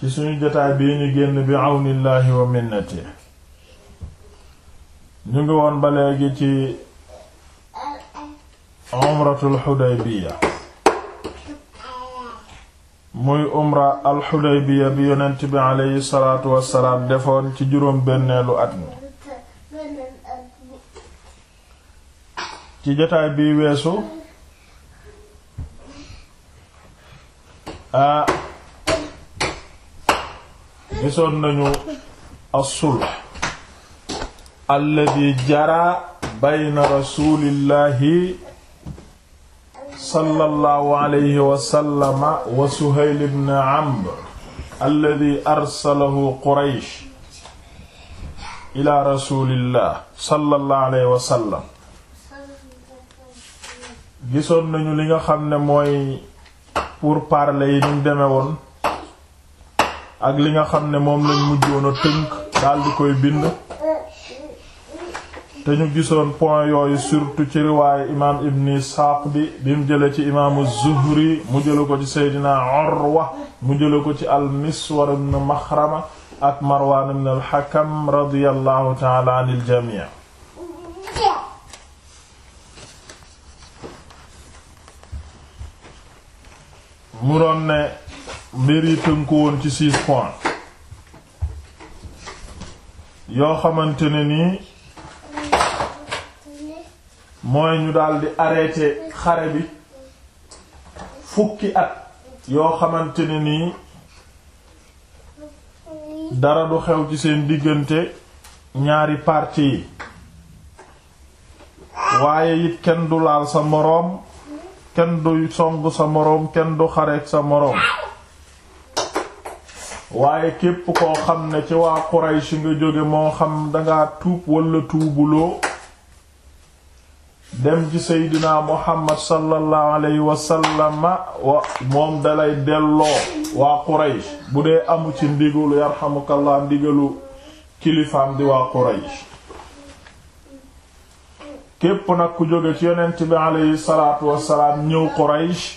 ci suñu jotaay bii génn bi àwnillaahi wa minnati ñu ngi woon ba léegi ci umratul xudaybiya muy umra al bi yonent bi aleyhi salaatu wassalaam defoon ci juróom benneelu at ci jotaay bii weesu gisoon nañu as-sulh alladi jara bayna rasulillahi sallallahu alayhi wa sallama wa Suhayl ibn Amr alladi arsalahu Quraysh ila rasulillah sallallahu alayhi wa sallam gisoon nañu li nga xam ne mooy pour parler yi ñu deme woon ak li nga xam ne moom lañ mujjoon a tënk daal koy bind te ñu gisoon point yooyu surtout ci riwaaye imaam ibn Isxaaq bi bi jële ci imaamu Zuhri mu jële ko ci mu jële ko ci al-Miswar ibn Maxrama ak Marwaan ibn al-Hakam radiyallahu ta'ala anil jamii' mu ne mbir yi tënku woon ci six points yoo xamante nii mooy ñu daldi arrêté xare bi fukki at yoo xamante ne nii dara du xew ci seen diggante ñaari parti yi waaye it kenn du laal sa moroom kenn du song sa moroom kenn du xareek sa moroom waaye képp koo xam ne ci waa Quraysh nga jóge moo xam dangaa tuub walla tuubuloo dem ci seydina Muhammad sallallahu alayhi wa sallam moom dalay delloo waa Quraysh bu dee amu ci ndigalu yarhamukallah ndigalu kilifaam di waa Quraysh képp nag ku jóge ci yonent bi alayhi salaatu wassalaam ñëw Quraysh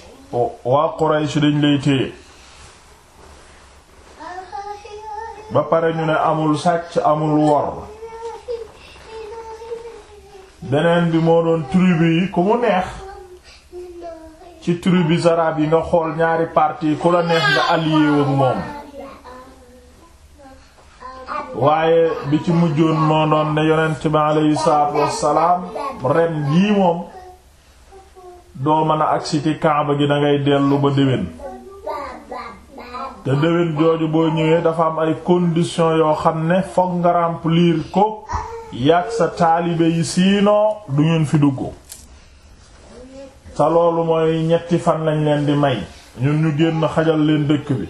waa Quraysh dañ lay téye ba pare ñu ne amul sàcc amul wor beneen bi moo doon tribu yi ku mu neex ci tribu zarab yi nga xool ñaari parti ku la neex nga allié ak moom waaye bi ci mujjoon moo doon ne yonent bi aleyhi salaatu wassalaam ren yii moom doo mën a agsi ci kaaba gi dangay dellu ba déwén te déwén jooju boo ñëwee dafa am ay conditions yoo xam ne fokk nga remplir ko yàgg sa taalibe yi sinon du ngeen fi dugg te loolu mooy ñetti fan lañ leen di may ñu ñu génn xajal leen dëkk bi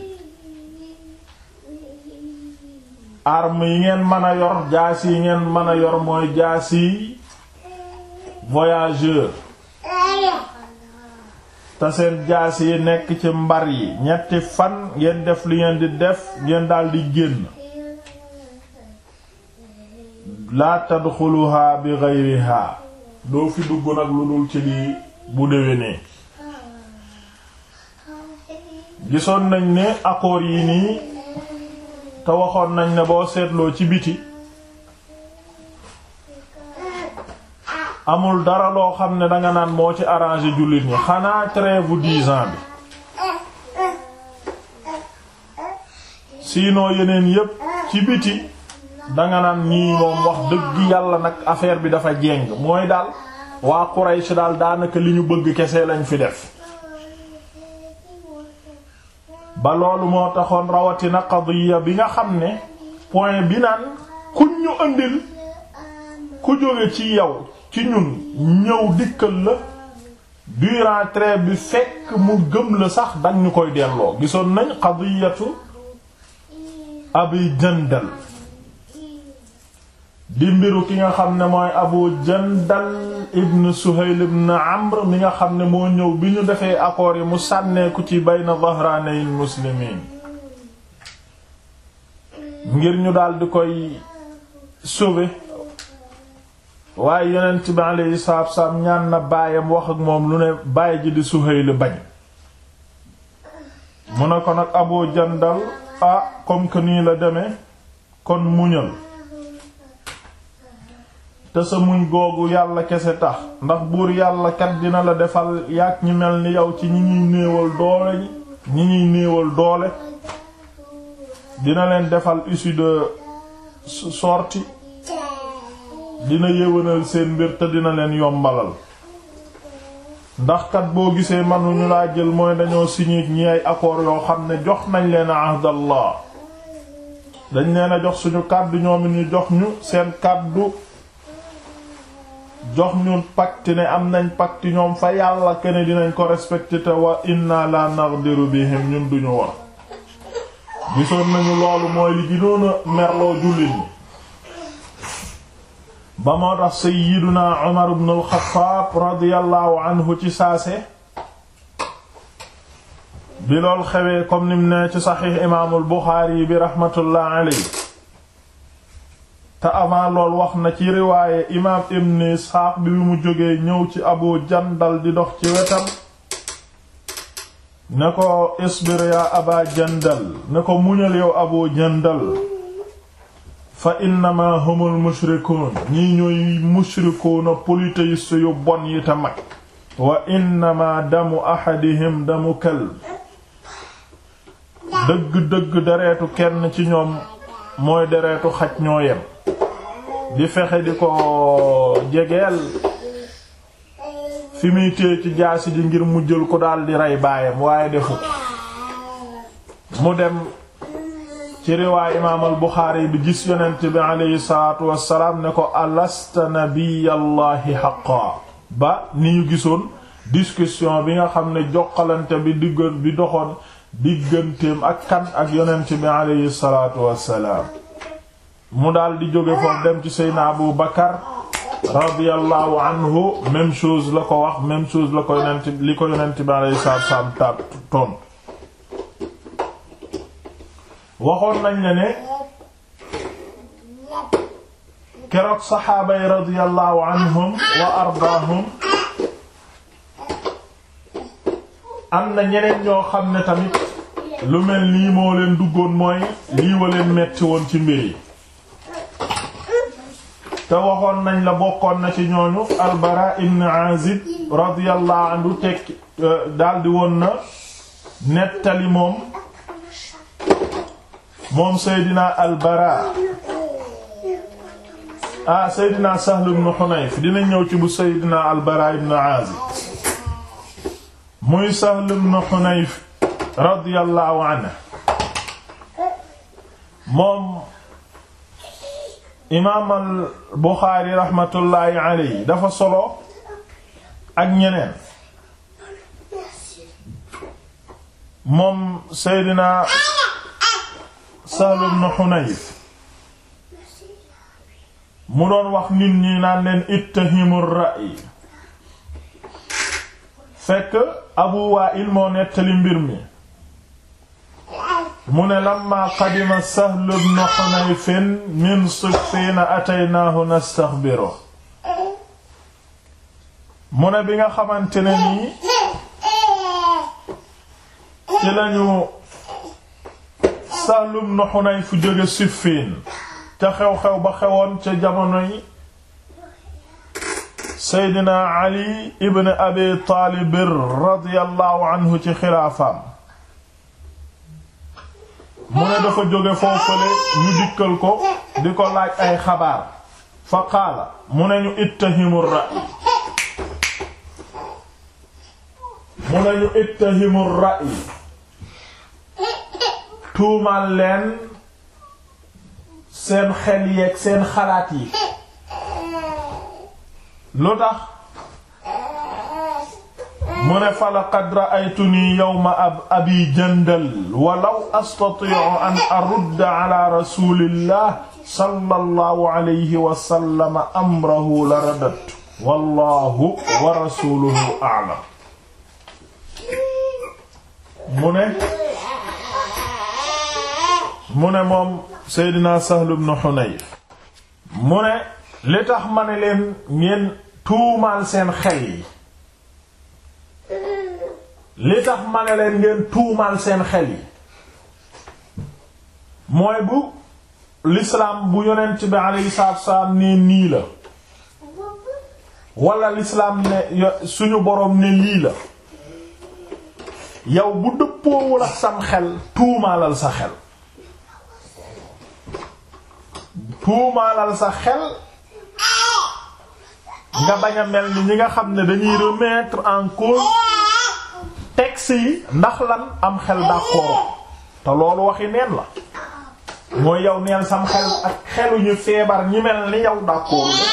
arm yi ngeen mën a yor jaas yi ngeen mën a yor mooy jaas yi voyageur te seen jaas yi nekk ci mbar yi ñetti fan ngeen def li ngeen di def ngeen daldi génn laa tadxuluha bi geyriha doo fi dugg nag lu dul ci lii bu déwénee gisoon nañ ne accords yi nii te waxoon nañ ne boo seetloo ci biti amul dara loo xam ne danga naan moo ci arrangé jullit ñi xanaa trêve dix ans bi sinon yeneen yépp ci biti danga naan ñii moom wax dëgg yàlla nag affaire bi dafa jéng mooy daal waa Quraysh daal daanaka li ñu bëgg kese lañu fi def ba loolu moo taxoon rawatina qadiya bi nga xam ne point bi naan kuñ ñu andil ku jóge ci yow ci ñun ñëw dikkal la durant bi fekk mu gëm la sax dañ ñu koy delloo gisoon nañ qadiyatu abi jandal di mbiru ki nga xam ne mooy abu jandal ibn suhayl ibn amr mi nga xam ne moo ñëw bi ñu defee accords yi mu sànneeku ci bayna dhahranayil muslimin ngir ñu daal di koy sauver waaye yonent bi alayhi salaatu wasalaam ñaan na baayam wax ak moom lu ne baay ji di Suhayl bañ mu ne ko nag Abu Jandal ah comme que nii la demee kon muñal te sa muñ googu yàlla kese tax ndax buur yàlla kat dina la defal yàgg ñi mel ni yow ci ñi ñuy néewal doole dina leen defal issue de sortie dina yéwénal seen mbir te dina leen yombalal ndax boo gisee manuñu laa jël mooy dañoo signé ñi ay accord yoo xam ne jox nañ leen ahdallah dañ leen a jox suñu kàddu ñoom ñu jox ñu seen kàddu jox ñu pacte ne am nañ pacte ñoom fa yàlla kene dinañ ko respecté te wa inna la naqdiru bihim ñun duñu war gisoon nañu loolu mooy li ginoon a merloo jullit ñi ba moo tax sayyiduna Umar ibn al-Khattab ci saase bi lool xewee comme nim ne ci saxiix imaamul Buxaari bi rahmatullah te avant lool wax na ci riwaaye imaam ibn Isxaaq bi mu jógee ñëw ci Abu Jandal di dox ci wetam ne ko isbir yaa Aba Jandal ne ko muñal yow Abu Jandal fa innama humul mushrikuun ñii ñooy mushrikuuna polythéistes yu bon yi mag wa innama damu ahadihim damu kalb dëgg-dëgg deretu kenn ci ñoom mooy deretu xaj ñoo yem di fexe di ko jegeel fi muy téye ci jaasi ji ngir mu jël ko daal di rey baayam waaye defu mu dem ci riwaay imaam buxaari bi gis yonent bi aleyhi salaatu wassalaam ne ko alasta nabiyallahi xaqa ba ni ñu gisoon discussion bi nga xam ne joqalante bi diggoon bi doxoon digganteem ak kan ak yonent bi aleyhi salaatu wassalaam mu daal di jóge foofu dem ci seyna abu bakar radiyallahu anhu même la ko wax même chose la ko yonent li ko yonent bi aleyhi salaatu wassalaam tontu waxoon nañ la ne keroog saxaaba yi radiyallahu anhum wa ardaahum am na ñeneen ñoo xam ne tamit lu mel nii moo leen duggoon mooy lii wa leen metti woon ci mbir yi te waxoon nañ la bokkoon na ci ñooñu albara ibn azib radiyallahu anhu tekki euh, daldi woon na nettali moom moom Seydina Albara ah Seydina Sahl ibn Hunayf dina ñëw ci bu Seydina Albara ibn Azib muy Sahl ibn Hunayf radiyallahu anhu moom imaam al Buxaari rahmatullahi alayhi dafa solo ak ñeneen moom Seydina Sahl mu doon wax nit ñi naan leen ittahimu ra'yi fekk Abu Wa'il moo nettali mbir mi mu ne lamma qadima Sahl ibn Hunayf min Siffin ataynaahu nastaxbiru mu ne bi nga xamante ne nii ci lañu Sahl ibn Hunayf jóge Siffin ca xew-xew ba xewoon ca jamonoy Seydina Ali ibn Abi Taalib radiyallahu anhu ci xilaafaam mu ne dafa jóge foofale ñu dikkal ko di ko laaj ay xabaar fa qaala mu ne ñu ittahimu ra'yi tuumal leen seen xel yeeg seen xalaat yi lu tax mu ne fa laqad ra'aytuni yawma ab abi jandal walaw astati'u an arudda ala rasulillah sallallahu alayhi wa sallam amrahu la radattu wallahu wa rasuluhu a'lam mu ne mu ne moom Seydina Sahl ibn Hunayf mu ne li tax ma ne leen ngeen tuumaal seen xel yi li leen ngeen tuumaal seen xel yi mooy bu lislaam bu yonent bi alayhi salaatu wassalaam ne nii la wala lislaam ne suñu boroom ne lii la yow bu dëppoowul ak sam xel tuumaalal sa xel tuumaalal sa xel nga bañ a mel ni ñi nga xam ne dañuy remettre en cause texte yi ndax lan am xel d'accord te loolu waxi neen la mooy yow neen sam xel ak xeluñu feebar ñi mel ni yow d'accord ñu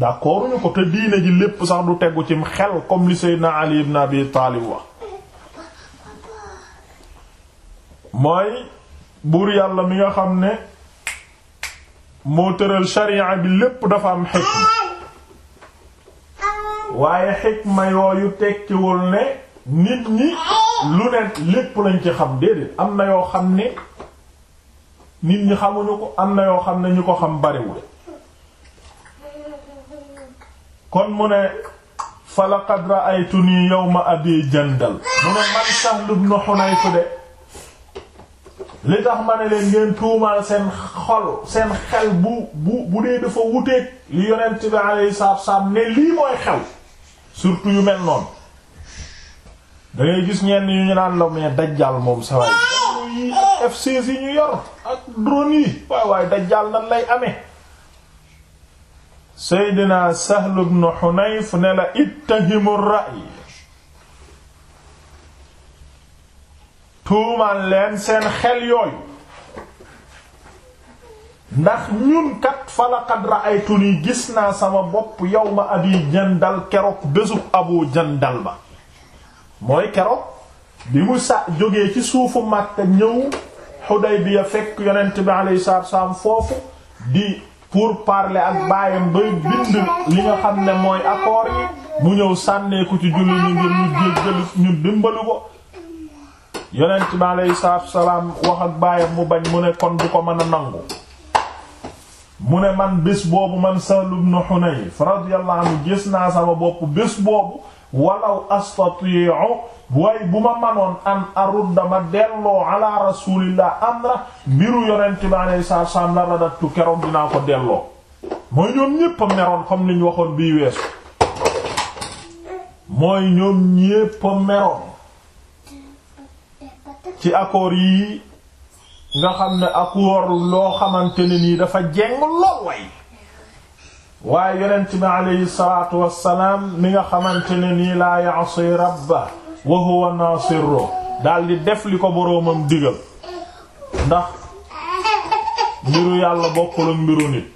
ko d'accord te diine ji lépp sax du tegu cim xel comme li Seydina Ali ibn Abi Talib wax mooy buur yàlla mi nga xam ne moo tëral sharia bi lépp dafa am xikma waaye xikma yooyu tekkiwul ne nit ñi lu ne lépp lañ ci xam déedéet am na yoo xam ne nit ñi xamuñu ko am na yoo xam ne ñu ko xam bariwul kon mu ne fa laqad ra'aytuni yawma abi jandal mu ne man Sahl ibn Hunayf de li tax ma ne leen ngeen tuumaal seen xol seen xel bu bu bu dee dafa wuteeg li yonent bi alayhi salaatu wassalaam ne lii mooy xew surtout yu mel noonu da ngay gis ñenn yu ñu laan la mais dajjal moom sa waay yi F16 ñu yor ak drone yi waaye waaye dajjal nan lay ame Seydina Sahl ibn Hunayf ne la ittahimu ra'y tuumaan leen seen xel yooyu ndax ñun kat falaqad ra'aytuni gis naa sama bopp yow yawma abi jandal keroog bésub abu jandal ba mooy keroog bi mu sa jógee ci suufu Makka ñëw Xudaybiya fekk yonent bi alayhi salaatu foofu di pour parler ak baayam bay bind li nga xam ne mooy accord yi mu ñëw sànneeku ci julli ñu ngir ñu jéggalu ñu dimbalu ko yonent bi aleyhi salaatu salaam wax ak baayam mu bañ mu ne kon du ko mën a nangu mu ne man bés boobu man Sahl ibn Hunayf radiyallahu anhu naa sama bopp bés boobu walaw astati'u waaye bu ma manoon an arudda ma delloo ala rasulillah amra mbiru yonent bi aleyhi salaatu salaam la radattu keroog dinaa ko delloo mooy ñoom ñépp meroon comme ni waxoon bii weesu mooy ñoom ñépp meroon ci accords yii nga xam ne accord loo xamante ne nii dafa jeng lool way waaye yonent bi aleyhi salaatu wassalaam mi nga xamante ne nii laa ya'si rabba wa huwa nasiru daldi def li ko boroomam digal ndax mbiru yàlla bokkul ak mbiru nit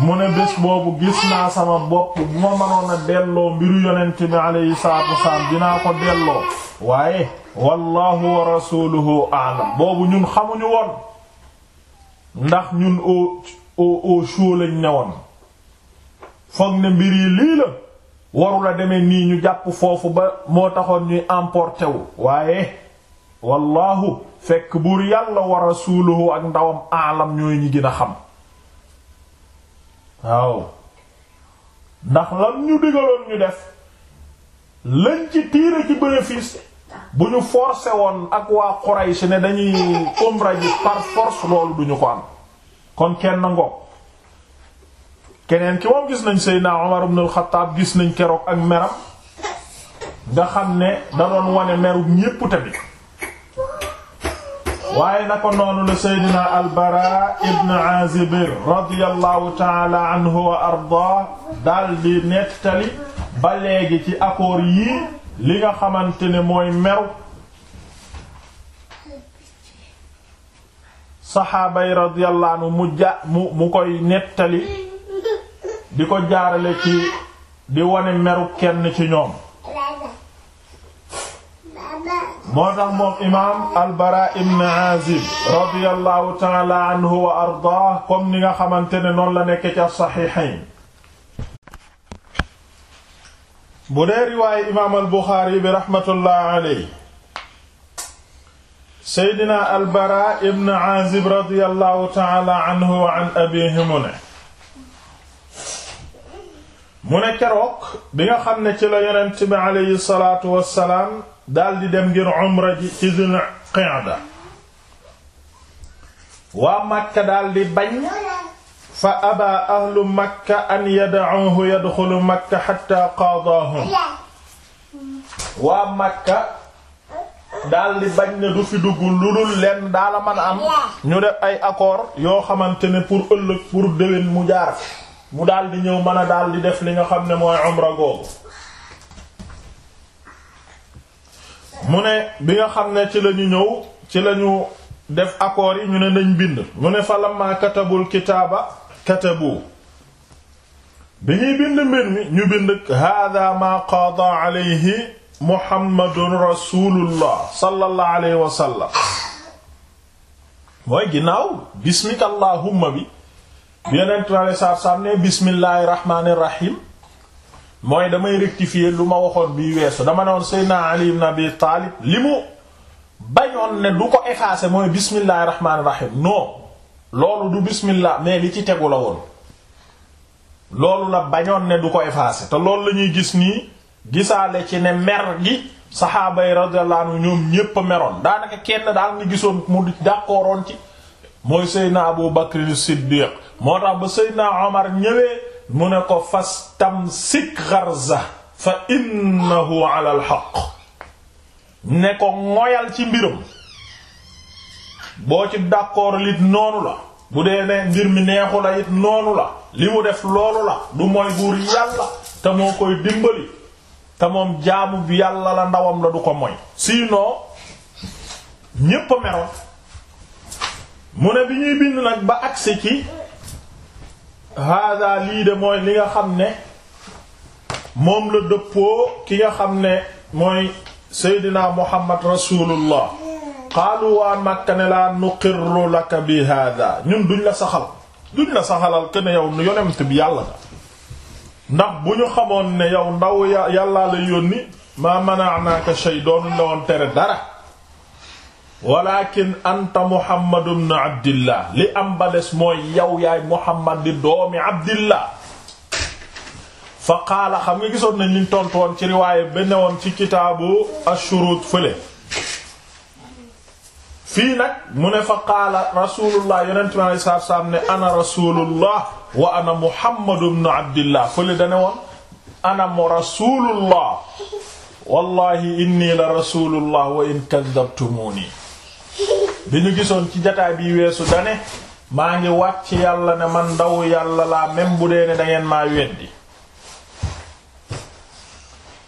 mu ne bés boobu gis naa sama bopp bu ma mënoon a delloo mbiru yonent bi alayhi salaatu wasalaam dinaa ko delloo waaye wallahu wa rasuluhu a'lam boobu ñun xamuñu woon ndax ñun au au au chaud lañ newoon foog ne mbir yi lii la waru la nii ñu jàpp foofu ba moo taxoon ñuy emporté wu waaye wallahu fekk buur yàlla wa rasuluhu ak ndawam a'lam ñooy ñi gën a xam waaw ndax lan ñu digaloon ñu def lañ ci tiire ci bénéfice bu ñu forcé woon ak waa si ne dañuy umra ji par force loolu duñu ko am kon kenn ngoog keneen ki moom gis nañ Seydina Umar ibn al-Khattab gis nañ keroog ak meram nga xam ne da doon wane meru ñépp tamit waaye na ko noonu la seydina albara ibn azibir radiallahu taala anhu wa arda dal nettali ba léegi ci accord yii li nga xamante ne mooy mew saxaaba yi radiyallahu mu koy nettali di ko jaarale ci di wone meru kenn ci ñoom moo tax moom imaam al-Bara ibn Azib radiyallahu ta'ala anhu wa ardaah comme ni nga xamante ne noonu la nekk ci saxiixayn bu dee riwaaye imaam al-Buxaari bi rahmatullah alayhi seydina al-Bara ibn Azib radiyallahu ta'ala anhu wa an abiihi mu ne mu ne keroog bi nga xam ne ci la yonent bi alayhi salaatu wassalaam daldi dem ngir umra ji ci Zul waa Makka daldi bañ fa aba ahlu Makka an yad'uhu yadxulu Makka hatta qaadaahum waa Makka daldi bañ ne du fi dugg lu dul leen daala mën a am ñu def ay accord yoo xamante ne pour ëllëg pour déwén mu jaar mu daldi ñëw mën a daldi def li nga xam ne mooy umra googu mu ne bi nga xam ne ci lañu ñëw ci lañu def accords ñu ne nañ bind mu ne fa lamma katabul kitaaba katabu bi ñuy bind mbir mi ñu bind hada ma qaada alayhi muhammadun rasulullah sallallahu alayhi wa sallam mooy ginnaaw bismika allahumma bi yeneen traversar sànnee bismillahir rahmanir rahim mooy damay rectifier lu ma waxoon bi weesu dama ne woon Seydina Ali ibn Abi Taalib li mu bañoon ne du ko effacer mooy bismillahir rahmanir rahim non loolu du bismillah mais li ci tegu la woon loolu la bañoon ne du ko effacer te loolu la ñuy gis nii gisaale ci ne mer gi saxaaba yi radiyallahu anhu ñoom ñépp a meroon daanaka kenn daal nga gisoon mu d'accordoon ci mooy Seydina Abu Bakr siddiq moo tax ba Seydina Omar ñëwee mu ne ko fastamsik xarza fa innahu ala alxaq ne ko ngoyal ci mbiram boo ci d'accord lit noonu la bu dee ne mbir mi neexu la noonu la li mu def loolu la du mooy buur yàlla te moo koy dimbali te jaamu bi yàlla la ndawam la du ko moy sinon ñépp meroon mu ne bi ñuy bind nag ba agsi ci hada lii de mooy li nga xam ne moom la dëppoo ki nga xam ne mooy seydina muhammad rasulullah qaalu waa ne laa nuqirru laka bi hada ñun duñ la saxal duñ la saxalal que yow nu bi yàlla nga ndax bu ñu xamoon ne yow ndaw yàllaa la yónni ma mana'naka shay doon la tere dara walakin anta muhammad ibn abdillah li am mooy yow yaay muhammad di doomi abdillah fa qaala xam nga gisoon nañ liñ tontoon ci riwaaye ba newoon ci kitaabu ashuruut fële fii nag mu ne fa qaala rasulullah yonent mi alei satu salaam ne ana rasulullah wa muhammad ibn abdillah fële dane woon ana mu rasulullah wallahi inni la rasulullah wa in kadhabtumuni bi ñu gisoon ci jataay bi weesu dane maa ngi wàcc yàlla ne man ndaw yàlla laa même bu dee ne dangeen maa weddi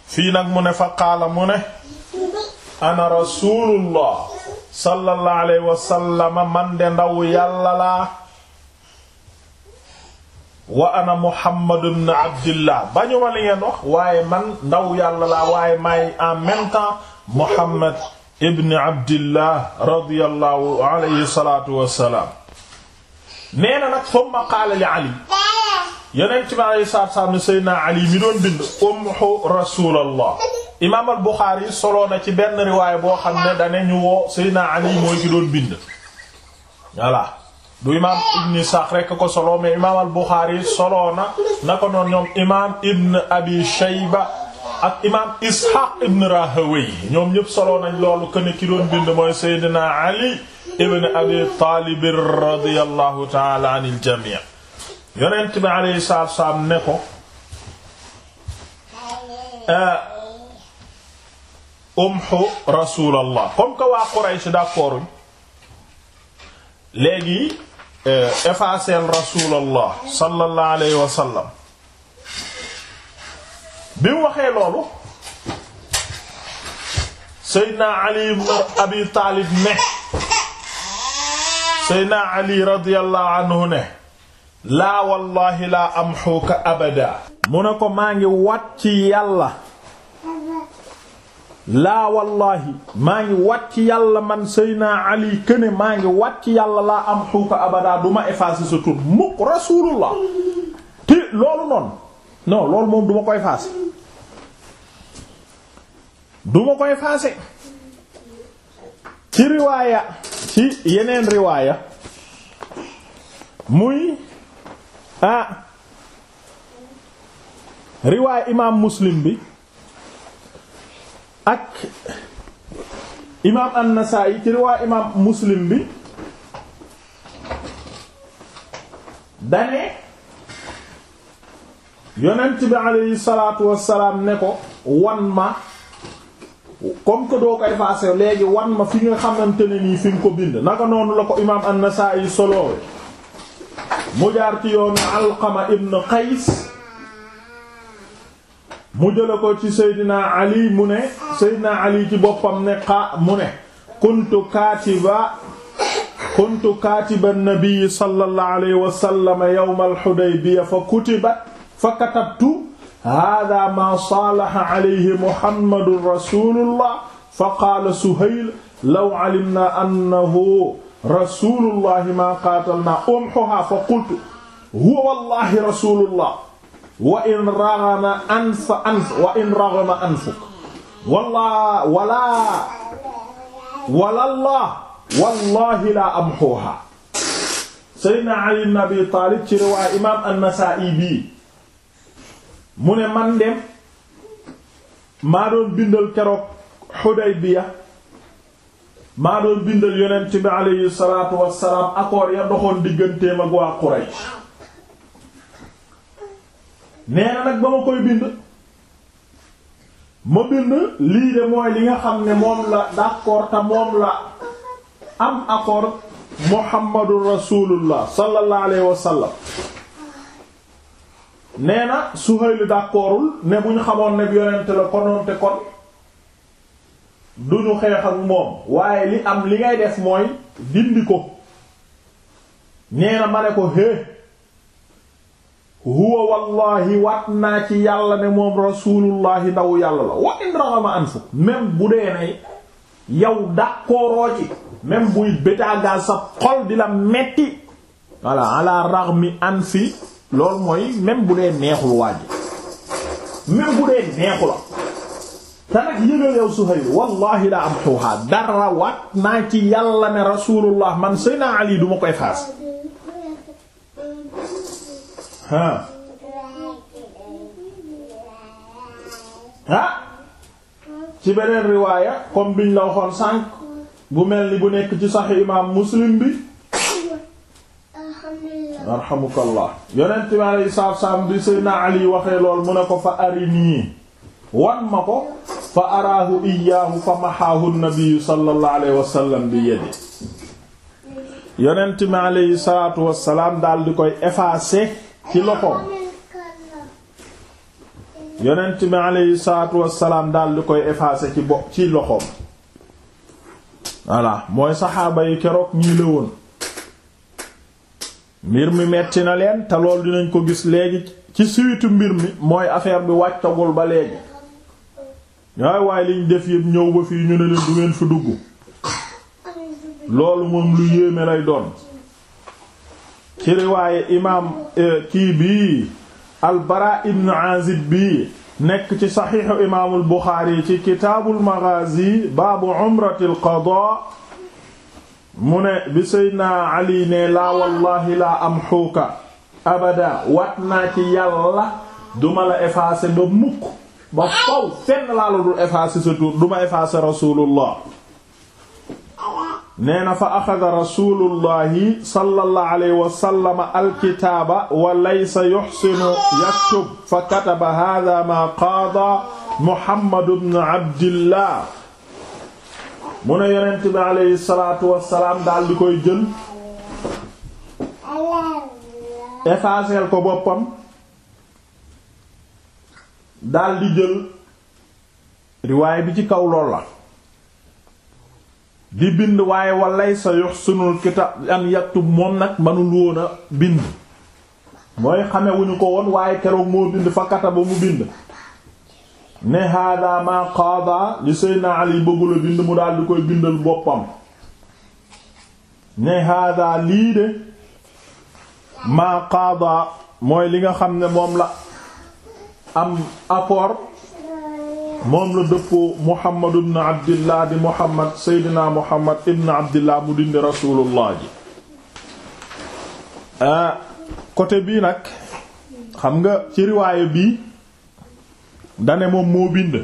fii nag mu ne fa qaala mu ne ana rasulullah sallallahu wasallama man de ndaw yàlla laa wa ana muhammad ibn abdillah bañu ma li ngeen wax waaye man ndaw yàlla laa waaye maay en même temps muhammad ibn na nag summa li ali yeneen ci ma saab saab ne seydna ali mi doon bind umhu rasuulallah imaam al buxaari ci benn riwaay boo xam ne dane woo seydna ali mooy ki doon bind voilà du imaam ibn Isaaq rekk ko soloo imaam al buxaari na na ko noon ñoom imaam ibn abi shayba ak imaam Ishaq ibn Rahawey ñoom ñëpp solo nañ loolu que ne ki doon bind mooy Seydina Ali ibn Abi Taalib radiyallahu ta'ala anil jamii. yonent bi alayhi salaatu wa salaam ne ko. umhu rasulallah comme que waa Quraysh d'accord léegi euh, effaceel rasulallah sallallahu alayhi wa sallam. bi mu waxee loolu Seydina Ali ibn Abi Taalib ne Seydina Ali radiyallahu anhu ne laa wallahi laa amxuuka abada mu ne ko maa ngi wat yàlla laa wallahi maa ngi wat ci yàlla man Seydina Ali këne maa ngi wat ci yàlla laa amxuuka abada duma effacer sa tur mukk rasulullah ti loolu noonu no loolu moom duma koy faase duma koy faase ci riwaaya ci yeneen riwaaya muy ah riwaaya imaam muslim bi ak imaam an-Nasaa'i ci riwaaya imaam muslim bi dane yonent bi alayhi salaatu wassalaam ne ko wan ma comme que doo ko effacé léegi wan ma fi nga xamante ne nii fi ko bind naka noonu la ko imaam an-Nasaa'i soloowe mu jaar ci yoonu Alqama ibn Qays mu jële ko ci Seydina Ali mu ne Seydina Ali ci boppam ne mu ne kuntu kaatiba kuntu kaatiba an-nabi sallallahu alayhi wa sallam yawm fa kutiba fa katabtu hada ma saalaha alayhi muhammadun rasulullah fa qaala suhayl law alimna annahu rasulullahi ma qaatalna umhuha fa qultu huwa wallahi rasulullah wa in raghama anf anf wa in raghama anfuk wala wala walallah wallahi la amhuha sayyidina ali ibn abi talib ci riwaaya imam an-nasa'i bi mu ne man dem maa doon bindal keroog Xudaybiya maa doon bindal yonent bi aleyhi salaatu wassalaam accord ya doxoon digganteem ak waa Quraysh nee na nag ba ma koy bind ma bind lii de mooy li nga xam ne moom la d'accord te moom la am accord Muhammadu Rasulullah sallallahu alayhi wa sallam nee na Suhayl d'accordul ne bu ñu xamoon ne yonent la konoon te kon du ñu xeex moom waaye li am li ngay def mooy dindi ko nee na ma ne ko hé huwa wallahi waat naa ci yàlla ne moom rasulullahi ndaw yàlla la wa in raxama an fuk bu dee nay yow d'accordoo ci même buy bétaagal sa xol di la metti walla ala raxmi an loolu mooy même bu dee neexul waaj même bu dee neexul te nag yëgal yow Suhayl wallahi daa am xuuxaa dara waat naa ci yàlla ne rasulullah man sayna Ali du koy faas ah ci beneen riwaaya comme biñ la waxoon sànq bu mel ni bu nekk ci sax imaam muslim bi arhamukallah yonent bi alayhi salaatu salaam bi Seydina Ali waxee lool mu ne ko fa arinii wan ma ko fa araahu iyaahu fa mahaahu nabiyu sallallahu alayhi wasallam bi yadi yonent bi alayhi salaatu wasalaam daal di koy effacer ci loxoom yonent bi alayhi salaatu wasalaam daal di koy effacer ci bo ci loxoom voilà mooy saxaaba yi keroog ñii la mbir mi metti na leen te lool dinañ ko gis léegi ci suitu mbir mi mooy affaire bi wàccagul ba léegi waay waaye liñ def yëpp ñëw ba fii ñu ne leen du ngeen fi dugg loolu moom lu yéeme lay doon ci riwaaye imaam eh, kii bii albara ibn azib bii nekk ci saxiixu imaamul buxaari ci kitaabul maghazi baabu umratil qadaa mu ne bi seydna ali ne laa wallahi laa am xuuka abada wat naa ci yàlla duma la effacer ba mukk ba faw fenn laa la dul effacer sa tur duma effacer rasulullah nee na fa axada rasulullahi sallallahu alayhi wa sallam alkitaaba wa laysa yuxsinu yaktub fa kataba hada ma qaada muhammadu bnu abdillah mu ne yonent bi aleyhi salaatu wassalaam daal koy jël effacer ko boppam daldi jël riwaay bi ci kaw lool la di bind waaye wallay sa yuhsunul kitab an yaktub moom nag mënul woon bind mooy xame wu ñu ko woon waaye keroog moo bind fa kata mu bind ne hada ma qaada li Seydina Ali bëggula bind mu daal di koy bindal boppam ne hada lii de ma qaada mooy li nga xam ne moom la am apport moom la dëppoo Muhammad ibn Abdillah di Muhammad Seydina Muhammad ibn Abdillah mu dindi Rasulullah ji ah, côté bii nag xam nga ci riwaaya bii dane moom moo bind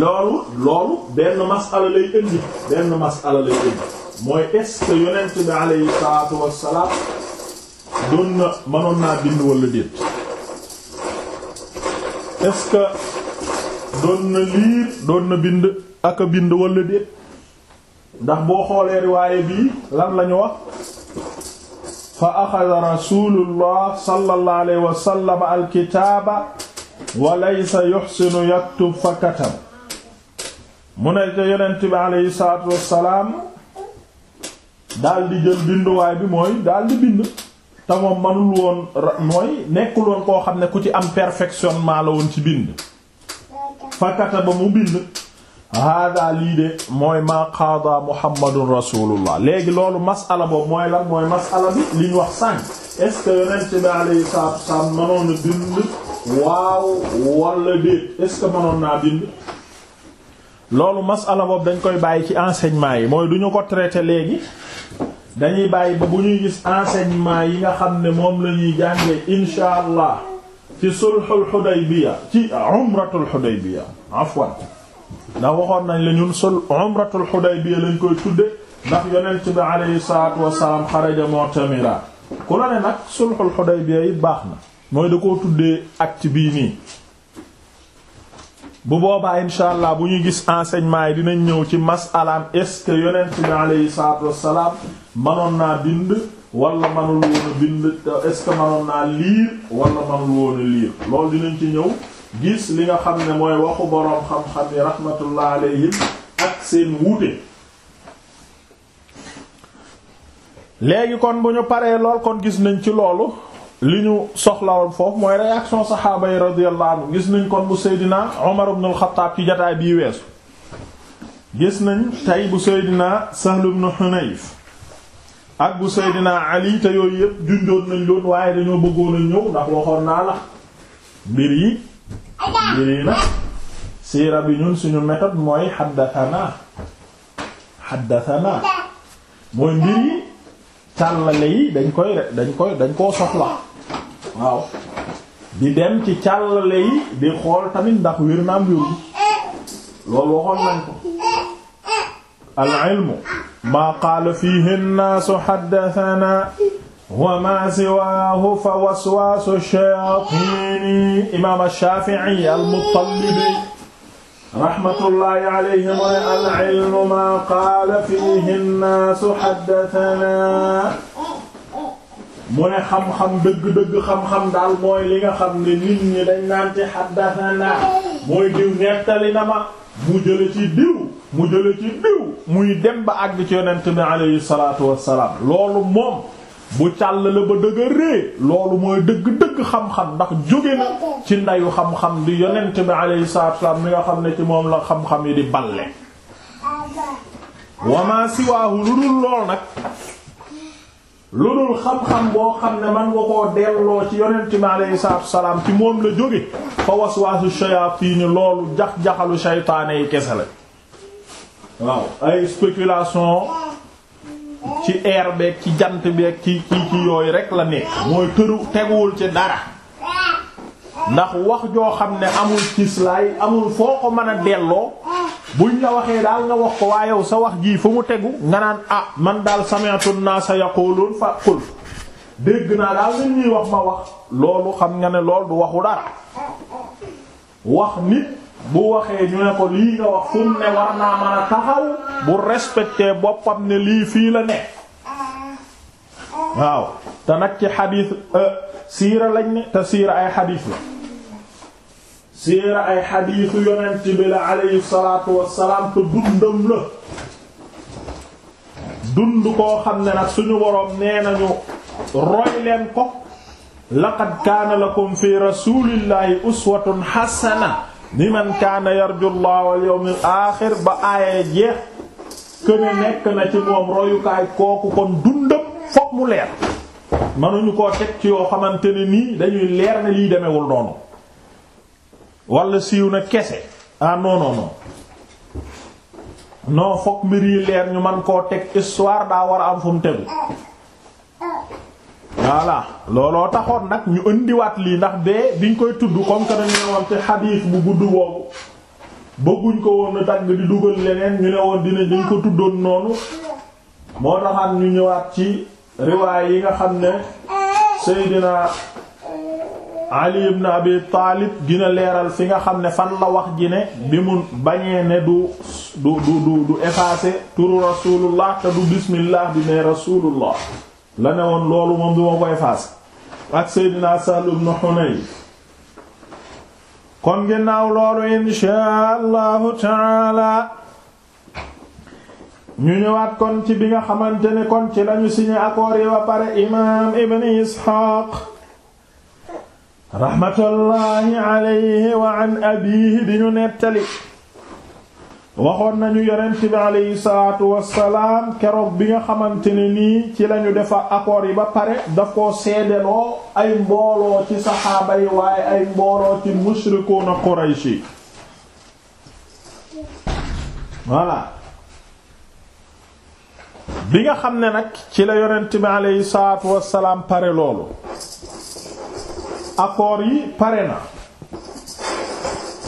loolu loolu benn masala lay indi benn masala lay indi mooy est que yonent bi alayhi salaatu wassalaam na mënoon naa bind wala déet est-ce na liir doon na bind ak a bind wala déet ndax boo xoolee riwaaye bii lan lañu wax fa axada rasulullah sallallahu alayhi wa sallam alkitaaba wa laysa yuxsinu yaktub fa katab mu ne ca yonent bi aleyhi salaatu wassalaam daal di jël binduwaay bi mooy daal bind te manul woon mooy nekkul woon koo xam ne ku ci am perfectionnement la woon ci bind fa kataba mu bind hada lii de mooy ma qaada muhammadun rasulullah léegi loolu masala boobu mooy lan mooy masala bi li wax sànq est-ce que yonent bi alayhi salaatu wasalaam mënoon a bind waaw wala déet est-ce naa bind loolu masala boobu dañ koy bàyyi ci enseignement yi mooy du ko traité léegi dañuy bàyyi ba bu ñuy gis enseignement yi nga xam ne moom la ñuy jàngee insha allah ci sulhul Hudaybiya ci umratul Hudaybiya afwan ndax waxoon nañ la ñun sol umratul Hudaybiya lañ koy tudde ndax yonent bi alayhi salaatu wassalaam xaraja mu'tamira ku la ne nag sulhul Hudaybiya yi baax na mooy da koo tuddee acte bii nii bu boobaa insha allah bu ñuy gis enseignement yi dinañ ñëw ci masalaam est-ce que yonent bi alayhi salaatu wassalaam manoon naa bind wala manul woon a bind est-ce que manoon naa liir wala manul woon liir loolu dinañ ci ñëw gis li nga xam ne mooy waxu boroom xam-xam yi rahmatullah alayhim ak seen wuute léegi kon bu ñu paree lool kon gis nañ ci loolu li ñu soxlawoon foofu mooy réaction saxaaba yi radiyallahu anhu gis nañ kon bu seydina Umar ibn al ci jataay bii weesu gis nañ tey bu seydina Sahl ibn Hunayf ak bu seydina Ali te yooyu yëpp jundoon nañ loon waaye dañoo bëggoon ñëw ndax waxoon naa la mbir yi lii nag siira bi ñun suñu méthode mooy xaddatanaa xaddatanaa mooy mbir yi càllale yi dañ koy dañ koy dañ koo soxla waaw di dem ci càllale yi di xool tamit ndax wér naam wéru loolu waxoon nañ ko al ilmu maa qaala fiihi nnaasu xaddatanaa wa maa siwaahu fa waswaasu shayaatiini imaam Shaafi'i al-Muttalibi rahmatullahi alayhi mu ne al-ilmu maa qaala fiihi an-naasu haddathanaa mu ne xam-xam dëgg-dëgg xam-xam daal mooy li nga xam ne nit ñi dañ naan ci haddathanaa mooy diw nettali na ma mu jële ci diw mu jële ci diw muy dem ba àgg ci yonent bi alayhi salaatu wa salaam loolu moom. bu càll la ba dëgëree loolu mooy dëgg-dëgg xam-xam ndax jóge na ci ndayu xam-xam di yonent bi alayhi salaatu wasallam mi nga xam ne ci moom la xam-xam yi di balle wama siwaahu lu dul lool nag lu dul xam-xam boo xam ne man nga koo delloo ci yonent bi alayhi salaatu wasallam ci moom la jóge fa waswaasu shayaatiini loolu jax-jaxalu shaytaane yi kese la waaw ay spéculation ci air beeg ci jant beeg ci ci yooyu rek la nekk mooy tëru teguwul ci dara ndax wax joo xam ne amul cislaay amul foo ko mën a delloo buñ la waxee daal nga wax ko waa yow sa wax jii fu mu tegu nga naan ah man daal sami'tu an-nasa yaqulun fa dégg naa daal nit ñuy wax ma wax loolu xam nga ne lool du waxu dara wax nit bu waxee ñu ne ko lii nga wax fu ne war naa mën a taxaw bu respecté boppam ne lii fii la ne waaw te nag ci xadiis euh, siira lañ ne te siira ay xadiis la siira ay xadiisu yonent bi la alayhi te dundam la dund koo xam ne nag suñu boroom nee nañu roy leen ko laqad kaana lakum fi rasuulillahi uswatun hasana ni man kaana yarju Allah wal yawmil aaxir ba aaya jeex këne nekk na ci moom royukaay kooku kon dundam fokk mu leer mënuñu koo teg ci yoo xamante ne nii dañuy leer lii liy demewul noonu wala siiw na kese ah non non fokk mbir yi leer ñu man koo teg histoire daa war a am fu tegu voilà looloo taxoon nag ñu indiwaat lii ndax bee biñ koy tudd comme que dañu ne ci xadiis bu gudd boobu bëgguñ ko woon a dagg di dugal leneen ñu ne woon dina dañ ko tuddoon noonu moo taxaat ñu ñëwaat ci riwaay yi nga xam ne Seydina Ali ibn Abi Taalib gina leeral fi nga xam ne fan la wax ji ne bi mu bañee ne du du du du effacer turu rasulullah te du bismillah bi ne rasulullah la loolu moom du ma koy faas ak Seydina Sahl ibn Hunayf kon ginnaaw loolu inshaa allahu taala ñu ñëwaat kon ci bi nga xamante ne kon ci lañu signé accord yi ba pare imaam ibn Isxaaq raxmatullaahi alayhi wa an abiihi di ñu nettali waxoon nañu yonent bi aleyhi salaatu wassalaam keroog bi nga xamante ne nii ci lañu defa accords yi ba pare daf koo seedeloo ay mbooloo ci saxaaba yi waaye ay mbooloo ci mushrikuuna Quraysh yi voilà bi nga xam ne nag ci la yonent bi aleyhi salaatu wassalaam pare loolu accords yi pare na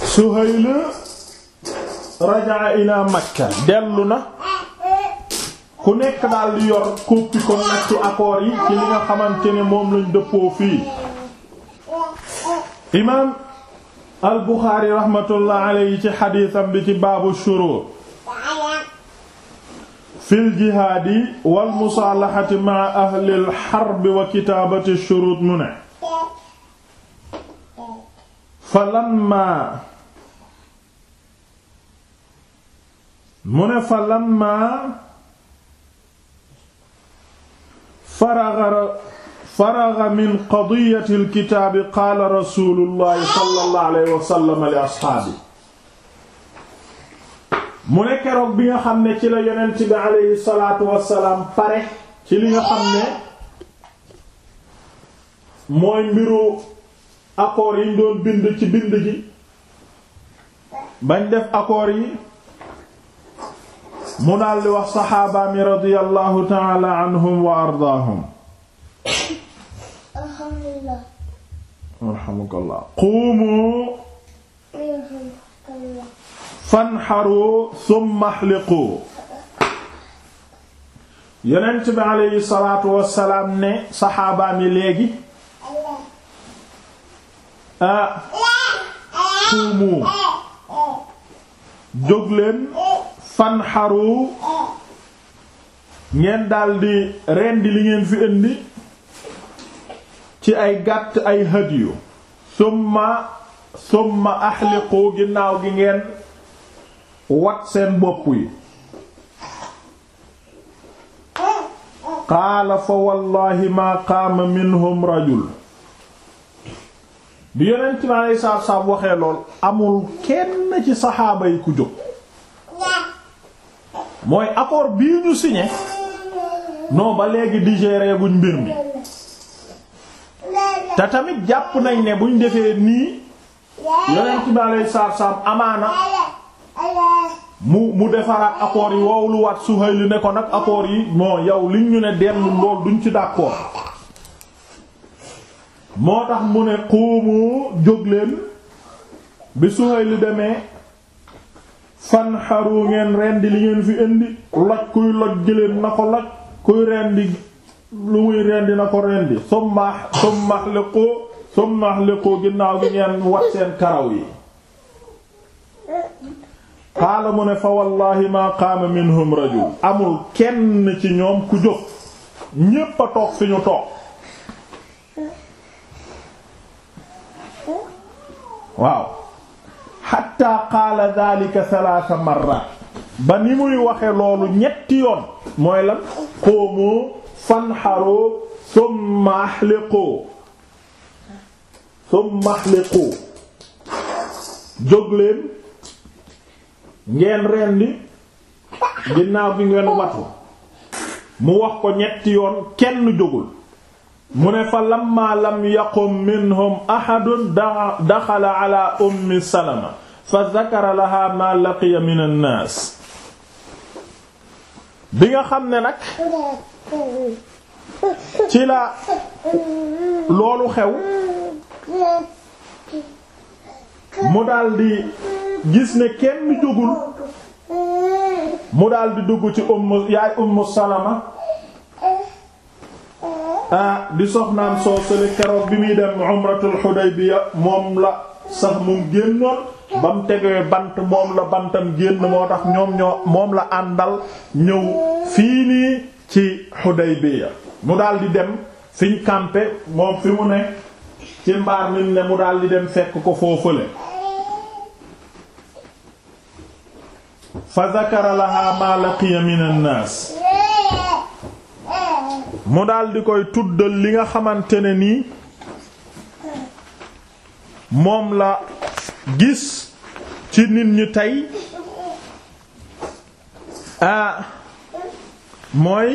Suhayl rajaa ila makka dellu na ku nekk daal di yor koppi kon nag ci accord yi li nga xamante ne moom lañ dëppoo fii imaam al buxaari rahmatullah ci xadiisam bi ci baabu shuruut fil jihaadi wal musaalaxati maa ahlil xarbi wa kitaabati shuruut mu ne fa lamma mu ne fa lamma faraga faraga min qadiyati alkitaabi qaala rasulullahi sallallahu alayhi wa sallam li asxaabi mu ne keroog bi nga xam ne ci la yonent bi alayhi salaatu wassalaam pare ci li nga xam ne mooy mbiru accords yi ñu doon bind ci bind gi bañ def accords yi mu daal di wax saxaaba mi radiyallahu taala anhum wa ardaahum alhamdulillah quumu fanxaru summa xliqu yonent bi aleyhi salaatu wassalaam ne saxaabaa mi léegi ah quumu jóg leen fanxaru ngeen daldi rendi li ngeen fi indi ci ay gàtt ay hadiyu summa summa ahliqu ginnaaw gi ngeen wat seen bopp yi qaala fa wallahi maa qaama minhum rajul bi yonent mi aleyhi salaatu salaam waxee lool amul kenn ci saxaaba yi ku jóg mooy accord bii ñu signé non ba léegi digéré guñ mbir mi te tamit jàpp nañ ne buñ defee nii yonent bi alayhi salaatu salaam amaana mu mu defaraat accord yi woowlu waat Suhayl ne ko nag accord yi moo yow liñ ñu ne denn lool duñ ci d'accord moo tax mu ne xuumu jóg leen bi Suhayl demee fanxaru ngeen rendi li ngeen fi indi loj kuy loj gëléem na ko loj kuy rendi lu muy rendi na ko rendi summa summa hliqu summa hliqu ginnaaw gi ngeen wat karaw yi xaala mu ne fa wallahi ma minhum rajul amul kenn ci ñoom ku jóg ñépp a toog fi ñu toog waaw xatta qaala dhalika thalatha marrat ba ni muy waxe loolu ñetti yoon mooy la qoomu fanharu thumma ahliqu thumma ahliqu jóg leen ginnaaw bi ngeen watu mu wax ko ñetti yoon kenn jógul mu ne fa lamma lam yaqum minhum ahadun daxala ala ummi salama fa zakara laha ma laqiya min annaas bi nga xam ne nag ci la loolu xew mu daldi gis ne kenn jógul mu daldi dugg ci umm yaay ummu salama ah di soxnaam soo sële keroog bi muy dem umratul Hudaybiya moom la sax mu génnoon ba mu tegee bant moom la bantam génn moo tax ñoom ñoo moom la àndal ñëw fii nii ci Hudaybiya mu daldi dem fiñ campé moom fi mu ne ci mbaar ne mu daal di dem fekk ko foofale fa zakara laha ma laqiya mu daldi di koy tuddal li nga xamante ne nii moom la gis ci nit ñi tey a mooy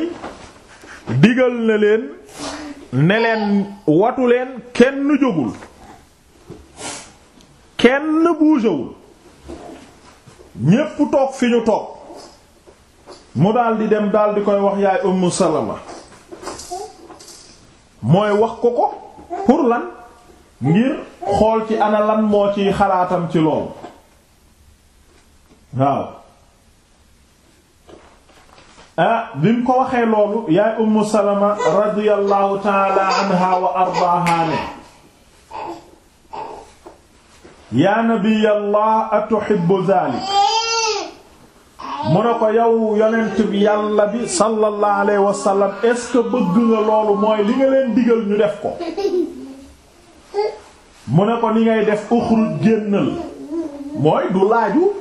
digal na leen ne leen watu leen kenn jógul kenn buusewul ñépp toog fi ñu toog mu daldi dem daldi di koy wax yaay Ummu Salama mooy wax ko ko pour lan ngir xool ci ana lan moo ciy xalaatam ci loolu waaw ah bi ko waxee loolu yaay ummu salama radiyallahu taala anha wa ardaaha ne yaa nabiyallah atuhibbu dhalik mu ne ko yow yonent bi yàlla bi sallallahu alayhi wa sallam ce que bëgg nga loolu mooy li nga leen digal ñu def ko mu ne ko ni ngay def uxruj génnal mooy du laaju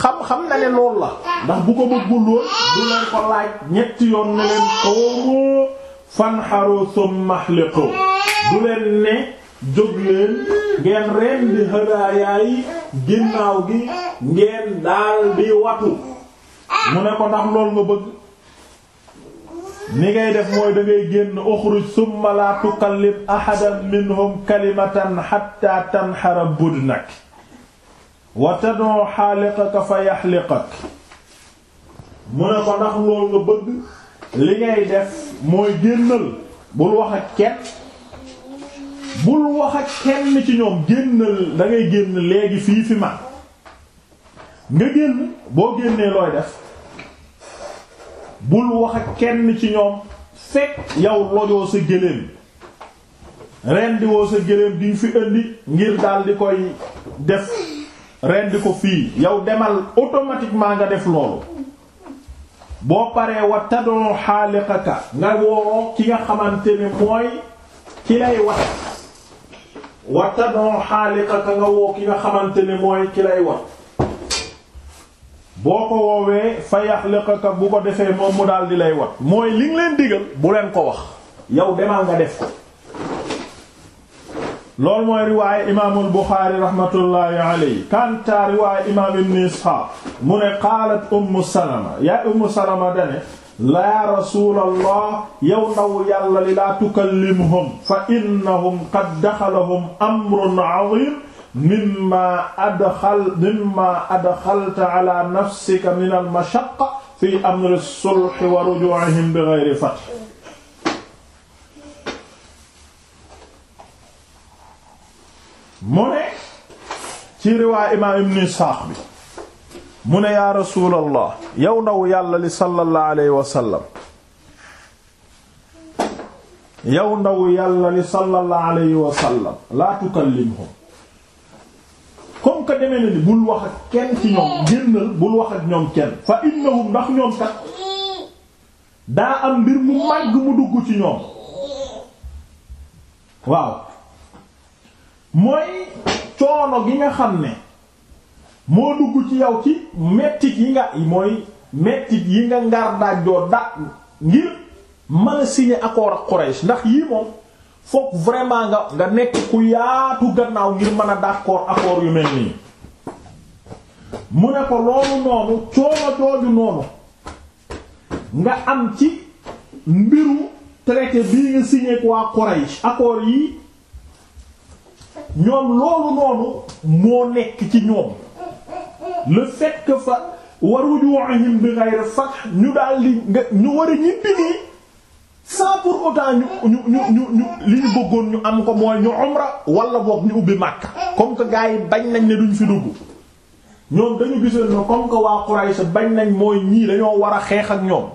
xam-xam na ne loolu la ndax bu ko bëggul lool du leen ko laaj ñetti yoon ne leen qawmu fanharu thumma ihliqu du leen ne jóg leen ngeen rendi hadaayaa yi ginnaaw gi ngeen daal watu mu ne ko ndax lool nga bëgg ni ngay def mooy da ngay génn uxruj summa la tukallim ahadan minhum kalimatan hatta tanhara budnak wa tad'u haliqaka fa yahliqak mu ne ko ndax lool nga bëgg li ngay def mooy génnal bul wax ak kenn bul wax ak kenn ci ñoom génnal da génn léegi fii fi man nga génn boo génnee looy def bul wax ak kenn ci ñoom fekk yow lojoo sa gëléem rendi woo sa gëléem diñ fi indi ngir daldi di koy def rendi ko fii yow demal automatiquement nga def loolu boo paree wa tadoo xaaliqaka nga woo ki nga xamante ne mooy ki lay wat wa tadoo xaaliqaka nga woo ki nga xamante ne mooy ki lay wax boo ko woowee fa yaxliqaka bu ko defee moom mu daal di lay wat mooy li nga leen digal bu leen ko wax yow demal nga def ko loolu mooy riwaaye imaamul Buxaari rahmatullahi alayhi kanta riwaaye imaam ibn Isxaaq mu ne qaalat ummu Salama yaa ummu Salama dane laa rasuulallah yow ndaw yàlla li laa tukallimhum fa innahum qad daxalahum amrun aziim mimma adxal mimma adxalta ci riwaa imaam ibn Isxaaq bi mu ne yaa rasuulallah yow ndaw yàlla li sallallahu alayhi wa yow ndaw yàlla li laa tukallimhum comme que demee na ni bul wax ak kenn ci ñoom génnal bul wax ak ñoom kenn fa innahum ndax ñoom kat daa am mbir mu màgg mu dugg ci ñoom waaw mooy coono gi nga xam ne moo dugg ci yow ci mettit yi nga mooy mettit yi nga ngar daajoo da ngir mën a signer accord ak Quraish ndax yii moom fokk vraiment nga nga nekk ku yaatu gannaaw ngir mën a d'accord accord yu mel nii mu ne ko loolu noonu coono jooju noonu nga am ci mbiru traité bii nga signé ak waa Quraysh accord yi ñoom loolu noonu moo nekk ci ñoom le fait que fa waruñu waxee ñun bi xayr fax ñu daal nga ñu war a ñibbi nii. sans pour autant ñu ñu ñu ñu ñu li ñu bëggoon ñu am ko mooy ñu umra wala boog ñu ubbi Makka comme que gars yi bañ nañ ne duñ fi dugg ñoom dañu gisoon ne comme que waa Quraysh bañ nañ mooy ñii dañoo war a xeex ak ñoom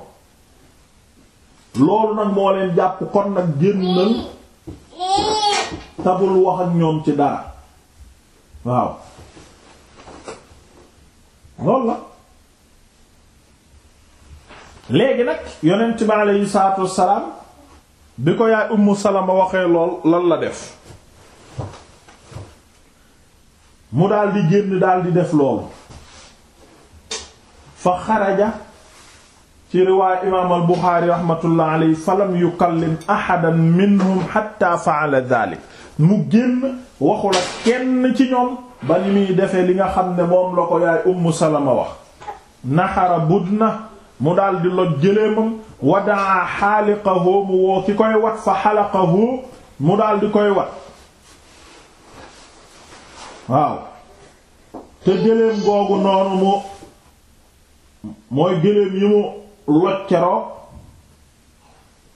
loolu nag moo leen jàpp kon nag génnal tabul wax ak ñoom ci dara waaw loolu la léegi nag yonent bi aleyhi salaatu wassalaam bi ko yaay ummu salama waxee lool lan la def mu daal di génn daal di def loolu fa xaraja ci riwaay imaam al buxaari rahmatullah aleyhi falam yukallim ahadan minhum hatta fa'ala dhalik mu génn waxu la kenn ci ñoom ba ni muy defee li nga xam ne moom la ko yaay ummu salama wax naxara budna mu daal di loj gëléemam wadaa xaaliqahu mu woo ki koy wat fa xalaqahu mu daal koy wat waaw te gëléem googu noonu mu mooy gëléem yi mu locceroo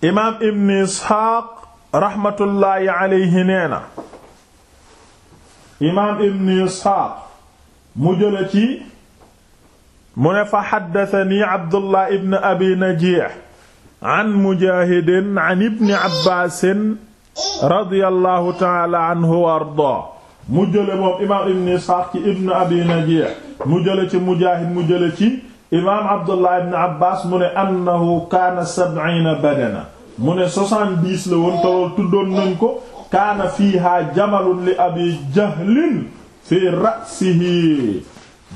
imaam ibn isxaaq raxmatullaahi alayhi nee na imaam ibn isxaaq mu jële ci mu ne fa xaddatani abdullah ibn abi najih an mujahidin an ibni abbasin radiyallahu taala anhu wa ardaa mu jële moom imaam ibn isxaaq ci ibn abi najih mu jële ci mujaahid mu ci imaam abdullah ibn abbas mu ne annahu kaana sab'iina badana mu ne soixante-dix la woon talool kaana fiihaa jamalun li abi jahlin fi ra'sihi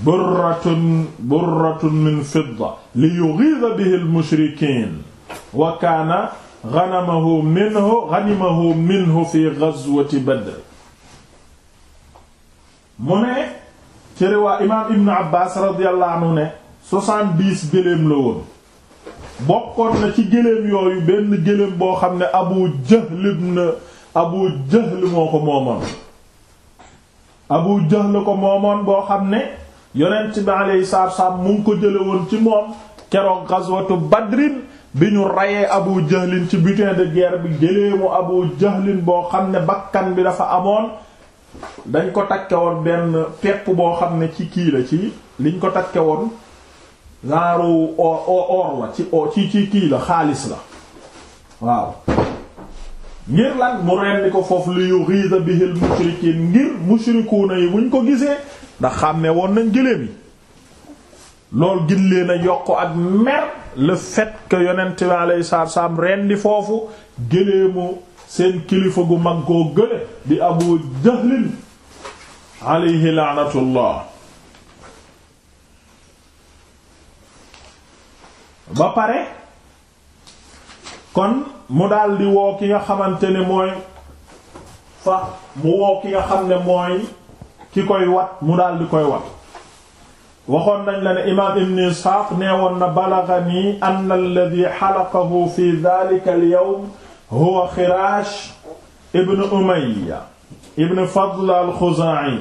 burratun burratun min fidda li yughiza bihi al-mushrikiin wa kaana ghanamahu minhu ghanimahu minhu fi ghazwati Badr mu ne ci riwaa imaam Ibn Abbas radiyallahu ne soixante-dix gëléem la woon bokkoon na ci gëléem yooyu benn gëléem boo xam ne Abu Jahl ibn Abu moo ko moomoon Abu ko moomoon boo xam ne yonent bi yi salaatu wassalaam mu ngi ko jële woon ci moom keroog ghazwatu badrin bi ñu rayee abu jahlin ci butin de guerre bi géléemu abu jahlin boo xam ne bakkan bi dafa amoon dañ ko takke woon benn pepp boo xam ne ci kii la ci liñ ko takke woon genre or la ci o ci kii la xaalis la waaw ngir lan mu rendi ko foofu li yughiza bihil mushrikiin ngir mushrikuuna yi buñ ko gisee ndax xàmmee woon nañ gëléem yi loolu gën leen yokk ak mer le fait yonent bi alayhi salaatu salaam rendi foofu gëléemu seen kilifa gu mag goo gële di Abu Jahlin alayhi laanatullah ba pare kon mu daldi di woo ki nga xamante ne mooy fa mu woo ki nga xam ne mooy ki koy wat mu daal di koy wat waxoon nañ la ne ibn isxaaq nee woon na balaghani anna alladhi xalaqahu fi dhalika al-yawm huwa xiraash ibn umayya ibn fadl al-xuzaa'i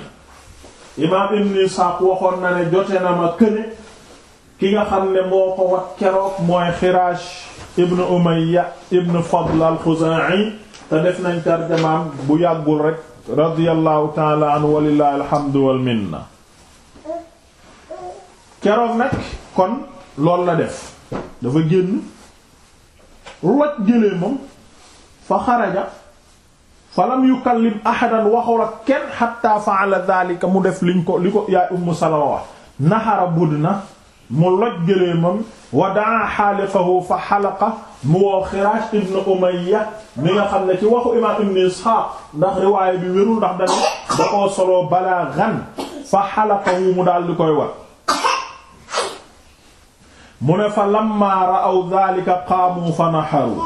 imaam ibn waxoon na ne jote na ma këne ki nga xam ne moo ko wat keroog mooy xiraash ibn umayya ibn fadl al-xuzaa'i te def nañ tarjamaam bu yàggul rek radiyallahu taala anhu walillahi alhamdu wal minna keroog nag kon loolu la def dafa génn loj jëlee moom fa xaraja fa lam yukallim ahadan waxul ak kenn xatta fa'ala dhalika mu def liñ ko li ko yaay Ummu Salama wax naxara budna mu loj jëlee wa daa xaalifahu fa xalaqa mu woo Xiraaj ibn Umayya mi nga xam ne ci waxu imaam ibn Isxaaq ndax riwaaya bi wérul ndax dañu da koo soloo balaa gan fa xalaqahu mu dal di koy wax mu ne fa lammaa ra'aw daalika qaamu fa naxaru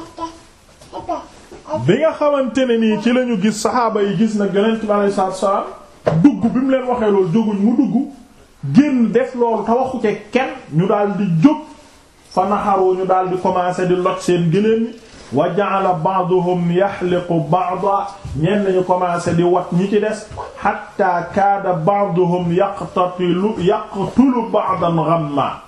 bi nga xamante ne nii ci lañu gis saxaaba yi gis na Yonent bi alayhi salaatu wa salaam dugg bi mu leen waxee loolu jóguñ mu dugg génn def loolu te waxu ci kenn ñu daal di jóg fa naxaru ñu daal di commencé di loj seen gëléem yi wa ja'ala ba'dhum yahliqu ba'da ñenn ñu commencé di wat ñi ci des hatta kaada ba'dhum yaqtatilu yaqtulu ba'dan ghamma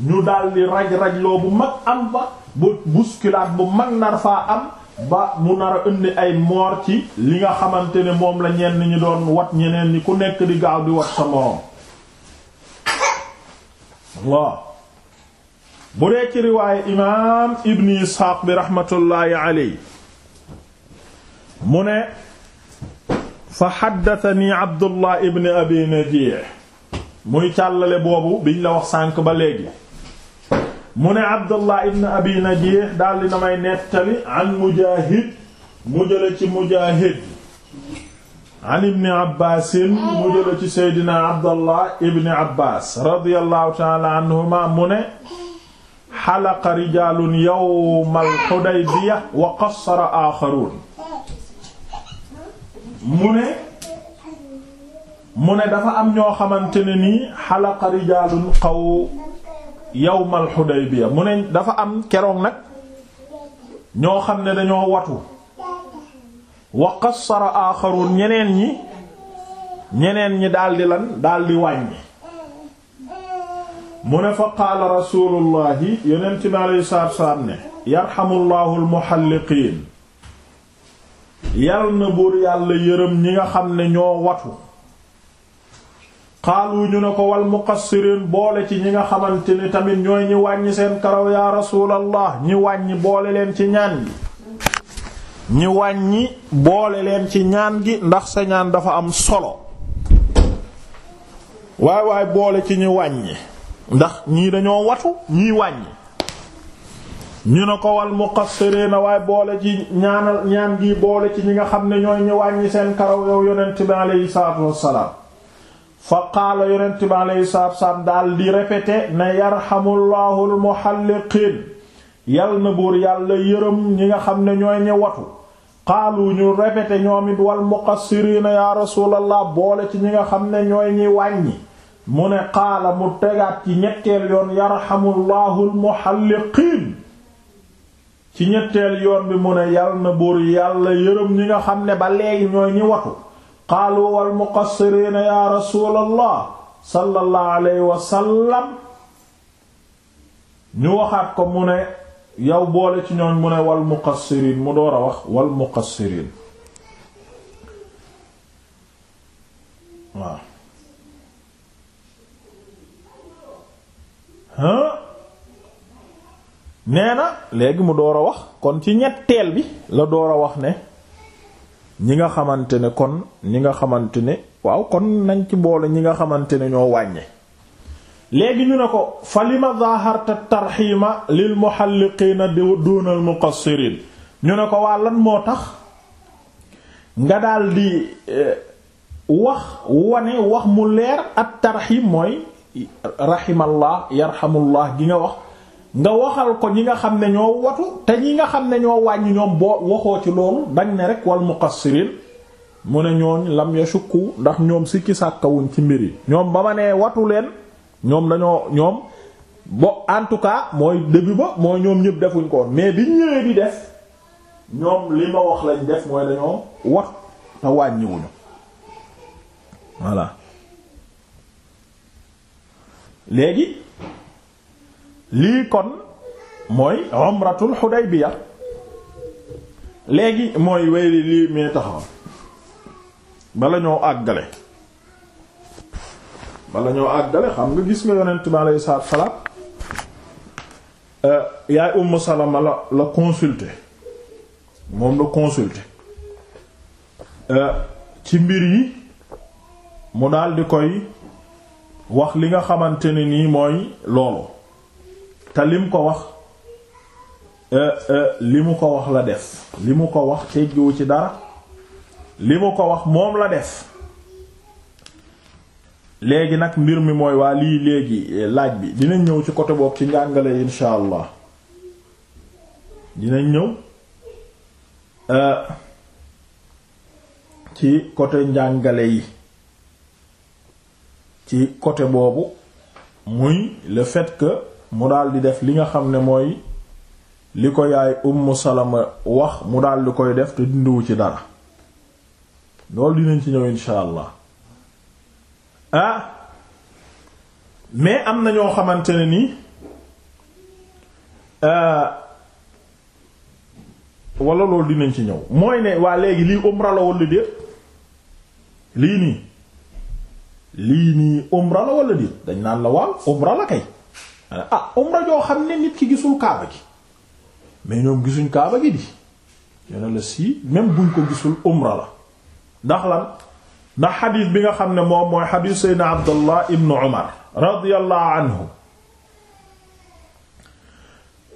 ñu daal di raj-raj loo bu mag am ba bu bousculade bu mag nar faa am ba mu nar a indi ay moor ci li nga xamante ne moom la ñenn ñi doon wat ñeneen yi ku nekk di gaaw di wat sa moroom bu dee ci riwaaye imaam ibn isxaaq bi raxmatullaahi alayhi mu ne fa xaddatani abdullah ibn abi najiih muy càllale boobu biñ la wax sànk ba léegi mu ne abdullah ibn abi najiih daldi na may nettali an mujaahid mu jële ci mujaahid an ibni abbaasin mu seydina abdullah ibn abbaas radiyallaahu taala anhuma mu xalaqa rijaalun yawmal Hudaybiya wa qassara aaxaruun mu ne mu ne dafa am ñoo xamante ne nii xalaqa rijaalun xaw yawmal Hudaybiya mu ne dafa am keroog nag ñoo xam ne dañoo watu wa qassara aaxaruun ñeneen ñi ñeneen ñi daldi lan daldi wàññi mu ne fa qaala rasulullahi yeneen bi aleyhi salaatu salaam ne yarxamullahu almuxalliqiin yal na buur yàlla yërëm ñi nga xam ne ñoo watu xaalu ñu ne ko wal muqassiriin boole ci ñi nga xamante ni tamit ñooy ñi wàññi seen karaw yaa rasuulallah ñi wàññi boole leen ci ñaan gi ñi wàññi boole leen ci ñaan gi ndax sa ñaan dafa am solo waay waay boole ci ñi wàññi ndax ñii dañoo watu ñii wàññi ñu ne ko wal muqassirina waaye boole ci ñaanal ñaan gi boole ci ñi nga xam ne ñooy ñu wàññi seen karaw yow yonent bi aleyhi salaatu wassalaam fa qaala yonent bi aleyhi salaatu wassalaam daal di répété ne yarhamullahu almuhalliqiin yal na buur yàlla yërëm ñi nga xam ne ñooy ñi watu wu ñu répété ñoom it wal muqassirina ya rasuulallah boole ci ñi nga xam ne ñooy ñi wàññi mu ne qaala mu tegaat ci ñetteel yoon yarxamullahu almuxalliqiin ci ñetteel yoon bi mu ne yal na buur yàlla yërëm ñi nga xam ne ba leegi ñooy ñi watu qaalu wal muqassiriina ya rasuulallah sallallahu alayhi wa sallam ñu waxaat ko mu ne yow boole ci ñooñ mu ne wal muqassiriin mu door a wax wal muqassiriin waaw nee na léegi mu door a wax kon ci ñetteel bi la door a wax ne ñi nga xamante ne kon ñi nga xamante ne waaw kon nañ ci boole ñi nga xamante ne ñoo wàññe léegi ñu ne ko fa lima zaharta tarxiima lil muhalliqiina mu muqassiriin ñu ne ko wàllan moo tax nga daldi eh, wax wane wax mu leer ak tarxiim mooy rahimallah yarhamullah gi nga wax nga waxal ko ñi nga xam ne ñoo watu te ñi nga xam ne ñoo wàññi ñoom boo waxoo ci loolu dañ ne rek wal muqassirin mu ne ñooñ lam yashukku ndax ñoom sikki sàkkawuñ ci mbir yi ñoom ba ma nee watu leen ñoom dañoo ñoom bo en tout cas mooy début ba mooy ñoom ñëpp defuñ ko mais bi ñëwee di def ñoom li ma wax lañ def mooy dañoo wat te wàññiwuñu voilà léegi lii kon mooy umratul Hudaybiya léegi mooy wéyli lii mee taxaw bala ñoo àggale bala ñoo àggale xam nga gis nga yonent bi alayhi salaatu salaam euh, yaay Umm Salama la la consulter moom la consulter euh, ci mbir yi mu daal di koy wax li nga xamante ne nii mooy loolu te lim ko wax euh, euh, li mu ko wax la def li mu ko wax teggiwu ci dara li mu ko wax moom la def léegi nag mbir mi mooy waa lii léegi euh, laaj bi dinañ ñëw ci côté boobu ci njàngale insha allah dina ñëw ci côté njàngale yi ci côté boobu muy le fait que mu daal di def li nga xam ne mooy li ko yaay Ummu Salama wax mu daal di koy def te dindiwu ci dara loolu dinañ ci ñëw insha allah ah mais am na ñoo xamante ne walla ah, wala loolu dinañ ci ñëw mooy ne waa léegi lii umra la wala lii nii lii nii umra la wala déet dañ naan la waaw umra la kay ah umra joo xam ne nit ki gisul kaaba gi mais ñoom gisuñ kaaba gi di yone la sii même buñ ko gisul umra la ndax la ndax xadiis bi nga xam ne moom mooy xadiis seydna abdullah ibnu umar radiyallahu anhu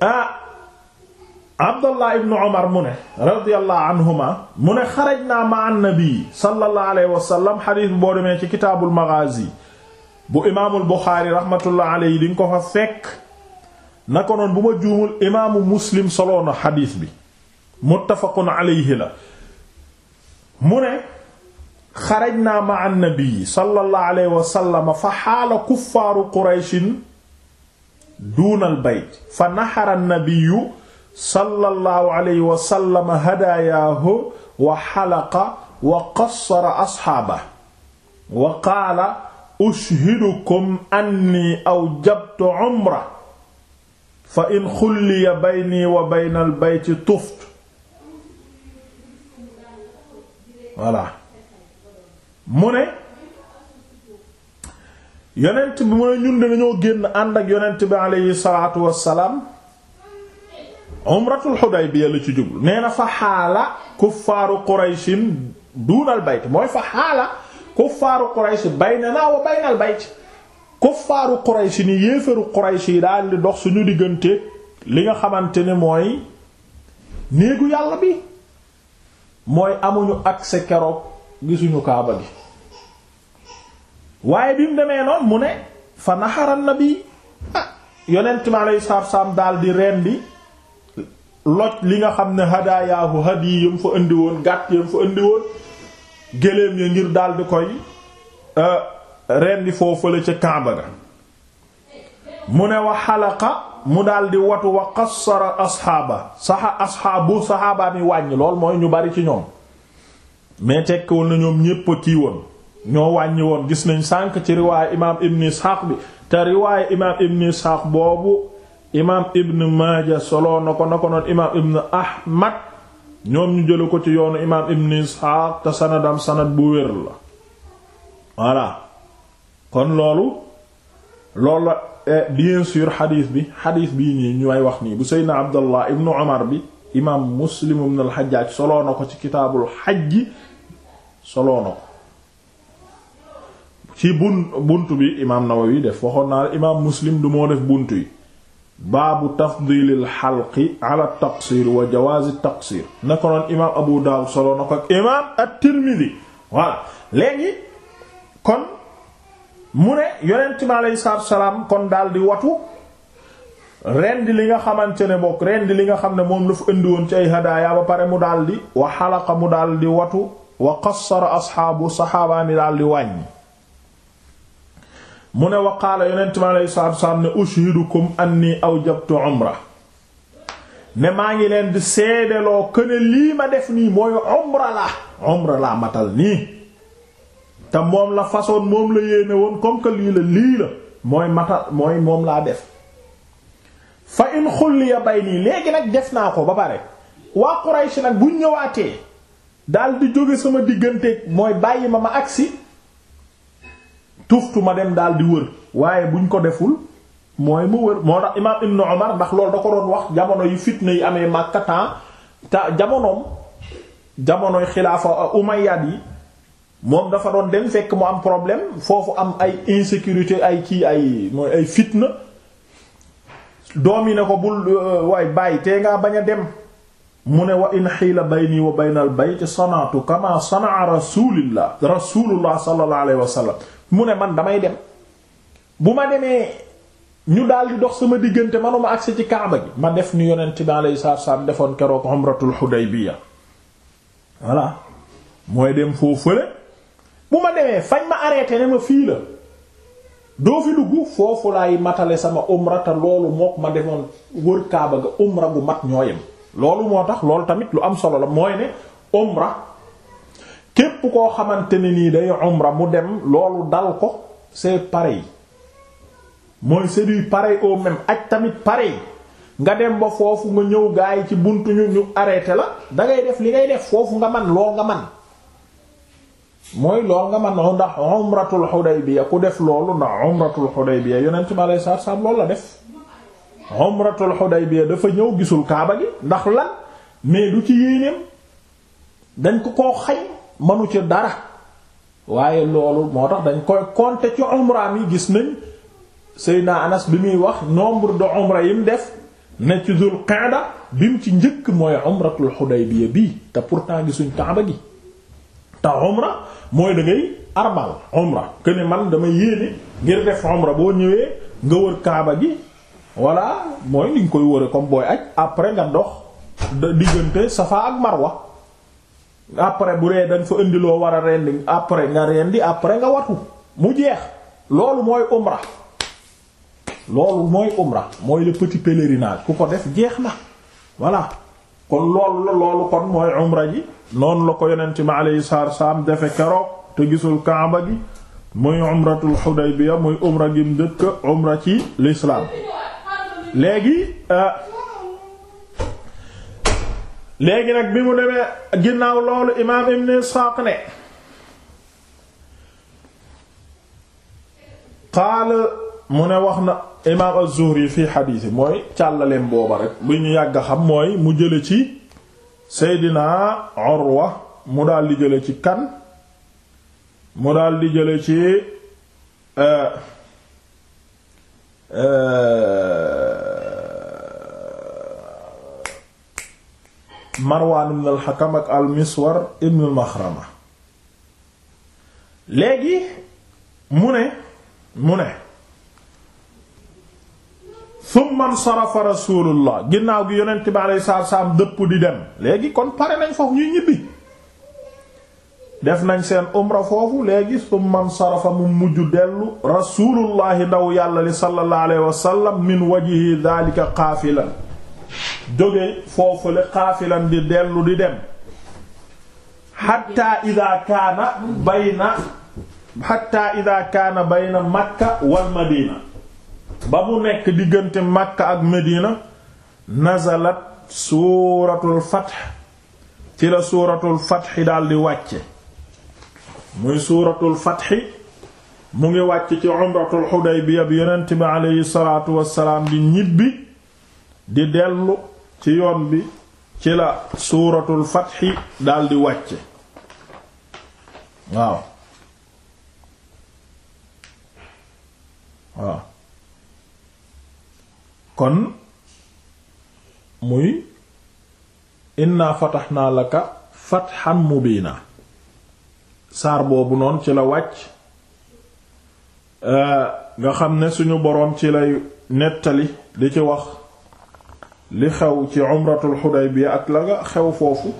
ah, Abdullah ibn Umar mu ne radiyallahu anhuma mu ne xaraj naa ma annabi sallallahu alayhi wa sallam xadiis boo demee ci kitaabul maghazi bu imaamul Buxaari rahmatullah alayhi di ko fa fekk na ko noon bu ma juumul imaamu Muslim soloo na bi muttafaqun alayhi la mu ne xaraj naa ma annabi sallallahu alayhi wa sallam fa xaala kuffaaru Qurayshin duunal bayt fa naxara annabiyu sallallahu alayhi wa sallam hadaayaahu wa xalaqa wa qassara asxaabahu wa qaala ushhidukum anni awjabtu umra fa in xulliya bayni wa bayna albayti tuft voilà mu ne yonent bi mooy ñun de dañoo génn ànd ak yonent bi aleyhi salaatu wassalaam umratul Hudaybiya la ci jublu nee na fa xaala kuffaaru Qurayshin duunal bayt mooy fa xaala kuffaaru Quraysh baynanaa wa baynal bayt kuffaaru Quraysh yéefaru Quraysh yi daal di dox suñu diggante li nga xamante ne mooy néegu yàlla bi mooy amuñu accès keroog gisuñu kaaba gi waaye bi mu demee noonu mu ne fa naxaran nabi ah yonent mi alayhi salaam daal di rendi loj li nga xam ne hadaayaahu yi yam fa indi woon gàtt yam fa indi woon géléem ya ngir daldi koy euh, rendi foofu la ca Kaaba ga mu ne wa xalaqa mu daldi watu wa qassara asxaaba saxa asxaabu saxaabaa wàññi lool mooy ñu bari ci ñoom mais tekkiwul na ñoom ñépp kii woon ñoo wàññi woon gis nañ sànq ci riwaayu imaam ibn Isxaaq bi te riwaayu imaam ibn Isxaaq boobu imaam ibn maaja solo na ko na ko noon imaam ibn ahmad ñoom ñu jëla ko ci yoonu imaam ibn isxaaq te sanadam sanad bu wér la voilà kon loolu lool la eh, bien sûr xadiis bi xadiis bi nii ñu may wax nii bu seydna abdallah ibn omar bi imaam muslim ibn alxajaaj soloo na ko ci kitaabul xaj soloo na ko ci bun bunt bi imaam nawawi def waxoon naa la imaam muslim du def bunt yi baabu tafdilil xalqi ala taqsir wa jawaazi taqsir na ko noon imaam Abu Daawud solo na ko imaam at-Tirmidi voilà léegi kon mu ne yonent mi aleyhi salaam kon daal di watu rendi li nga xamante ne bokk rendi li nga xam ne moom la fa indi woon ci ay hadaaya ba pare mu daal di wa xalaqa mu daal di watu wa qassara asxaabu saxaabaani daal di wàññi mu ne waqaala yonent mi alayhi salaatu wasalaam ne ushhidukum anni awjabtu umra ne maa ngi leen di seedeloo këne lii ma def nii mooy umra la umra la matal nii te moom la façon moom la yéene woon comme que la lii la mooy matal mooy moom laa def fa in xulliya bay nii léegi nag def naa ko ba pare waa Quraysh nag buñ ñëwaatee daal di jóge sama diggante mooy bàyyi ma ma agsi tuftu ma dem daal di wër waaye buñ ko deful mooy mu wër moo tax imaam Ibn Umar ndax loolu da ko doon wax jamono yu fitna yi amee Makka temps te jamonoom jamonoy xilaafa Umayyad yi moom dafa doon dem fekk mu am problème foofu am ay insécurité ay kii ay mooy ay fitna doom yi ne ko bul euh, waay bàyyi tee ngaa bañ a dem mu ne wa in xiila bayni wa baynal bayt sanaatu kama sanaa rasulillah rasulullah sallallahu alayhi wa mu ne man damay dem bu ma demee ñu daal di dox sama diggante manuma agsi ci kaaba gi ma def ni yonent bi alayhi salaatu salaam defoon keroog umratul Hudaybiya voilà mooy dem foofu fële bu ma demee fañ ma arrêté ne ma fii la doo fi dugg foofu laay matale sama umra te loolu mook ma demoon wër kaaba ga umra gu mat ñoo yem loolu moo tax loolu tamit lu am solo la mooy ne umra képp koo xamante ne nii day umra mu dem loolu dal ko c'est pareil mooy c'est du pareil au ak tamit pareil nga dem ba foofu nga ñëw gaa yi ci buntu ñu ñu arrêté la dangay def li ngay def foofu nga man loo nga man mooy loo nga man ndax umratul Hudaybiya ku def loolu ndax umratul Hudaybiya yonentu ma lay sar sam loolu la def umratul Hudaybiya dafa ñëw gisul kaaba gi ndax la mais du ci yéeneem dañ ko koo xay manu ci dara waaye loolu moo tax dañ koy compter ci umraam yi gis nañ Seydina Anas bi muy wax nombre de umra yi mu def ne ci Dul Qa'da bi mu ci njëkk mooy umratul Hudaybiya bii te pourtant gisuñ Kaaba gi te umra mooy da ngay arbal umra que ne man dama yéene ngir def umra boo ñëwee nga wër Kaaba gi voilà mooy li koy wëre comme booy aj après nga dox diggante Safa ak Marwa après bu dee dañ fa indi loo war a rendi après nga rendi après nga watu mu jeex loolu mooy umra loolu mooy umra mooy le petit pèlerinage ku ko def jeex na voilà kon loolu la loolu kon mooy umra ji noonu la ko yeneen yonent mi yi salaatu salaam defe keroog te gisul kaaba gi muy umratul Hudaybiya muy umra gi mu dëkk umra ci l'islam léegi. Euh, léegi nag bi mu demee ginnaaw loolu imaam ibn Isxaaq ne qaala mu ne wax na imaam az-Zuhri fii xadiisi mooy càllaleen booba rek bu ñu yàgg xam mooy mu jële ci Seydina Urwa mu daal di jële ci kan mu daal di jële ci euh, euh, Marwaan ibn al-Hakam ak al léegi mu ne mu ne summa nsarafa rasulullah ginnaaw gi yonent bi alayhi salaatu salaam dëpp di dem léegi kon pare nañ foofu ñuy ñibbi def nañ seen umra foofu léegi summa nsarafa mu mujj dellu rasulullahi ndaw yàlla li sallallahu alayhi wa min wajhi dhalika qaafilan jóge foofu foofule xaafilan di dellu di dem xatta ida kaana bayna xatta ida kaana bayna makka wal madina ba mu nekk diggante makka ak madina nazalat suuratul fath ci la suuratul fath daldi wàcce muy suuratul fath mu ngi wàcc ci umratul xudaybiya bi yonent bi aleyhi wassalaam di ñibbi di dellu ci yoon bi ci la suuratul fatxi daldi wàcce waaw waaw kon muy inna fataxnaa laka bii mubiina saar boobu noon ci la wàcc nga xam ne suñu boroom ci lay nettali di ci wax li xew ci umratul Hudaybiya ak la xew foofu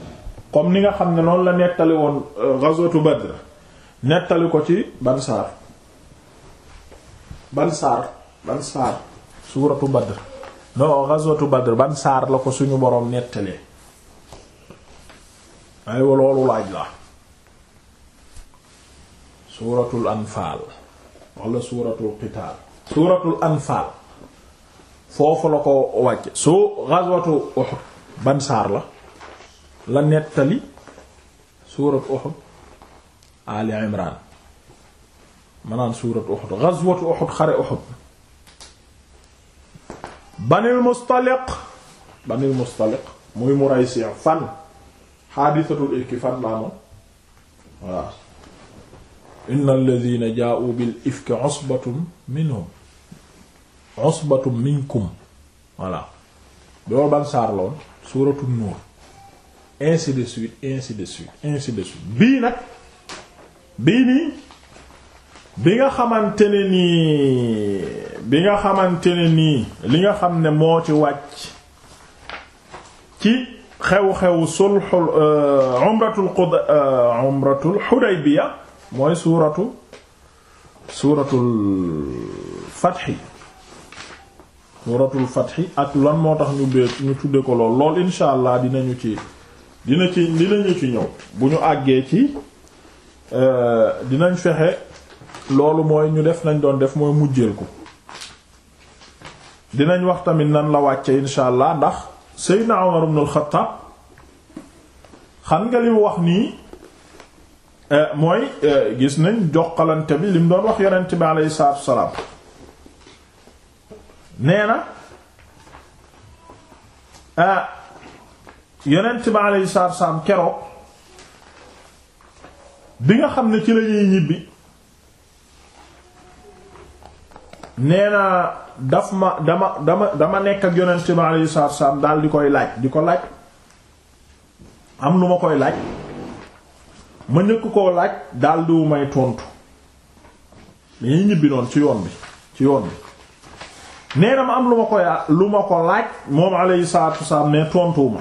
comme ni nga xam ne noonu la nettali woon euh, ghazwatu Badr nettali ko ci ban saar ban saar ban saar suuratu Badr non ghazwatu Badr ban la ko suñu boroom nettalee aywa loolu laaj la suuratu anfaal wala suuratul qitaal suuratul anfaal foofu la ko wàcce soo ghazwatu Uhud ban la la nettali suurat Uhud Ali Imran manaan suurat Uhud ghazwatu Uhud xare Uhud banil mustaliq banil mustaliq muy Muraysi fan xaadisatul ifki fan laa moom waaw inna alladhina jaa'u bil ifki usbatun minhum usbatum minkum voilà loolu ban saar loon suuratu nuur ainsi de suite ainsi de suite ainsi de suite bii nag bii nii bi nga xamante ne nii bi nga xamante ne nii li nga xam ne moo ci wàcc ci xew-xew sulhul euh, umratul qud euh, umratul Hudaybiya mooy suuratu suuratul Fath suuratul fatxi ak lan moo tax ñu bee ñu tuddee ko lool lool insha allah dinañu ci dina ci dinañu ci ñëw bu ñu àggee ci euh, dinañ fexe loolu mooy ñu def nañ doon def mooy mujjeel ko dinañ wax tamit nan la wàcce insha allah ndax Seydina Umar ibn al-Khattab xam nga li mu wax nii euh, mooy euh, gis nañ joxalante bi li mu doon wax yonent bi alayhi salaatu wa salaam nee na ah yonent bi alayhi salaatu salaam keroog bi nga xam ne ci lañuy ñibbi nee na daf ma dama dama dama nekk ak yonent bi alayhi salaatu salaam daal di koy laaj di ko laaj am lu ma koy laaj ma njëkk koo laaj daal di wu may tontu dañuy ñibbi noonu ci yoon bi ci yoon bi nee na ma am lu ma ko lu ma ko laaj moom alayhi salaatu wasalaam ne tontuwuma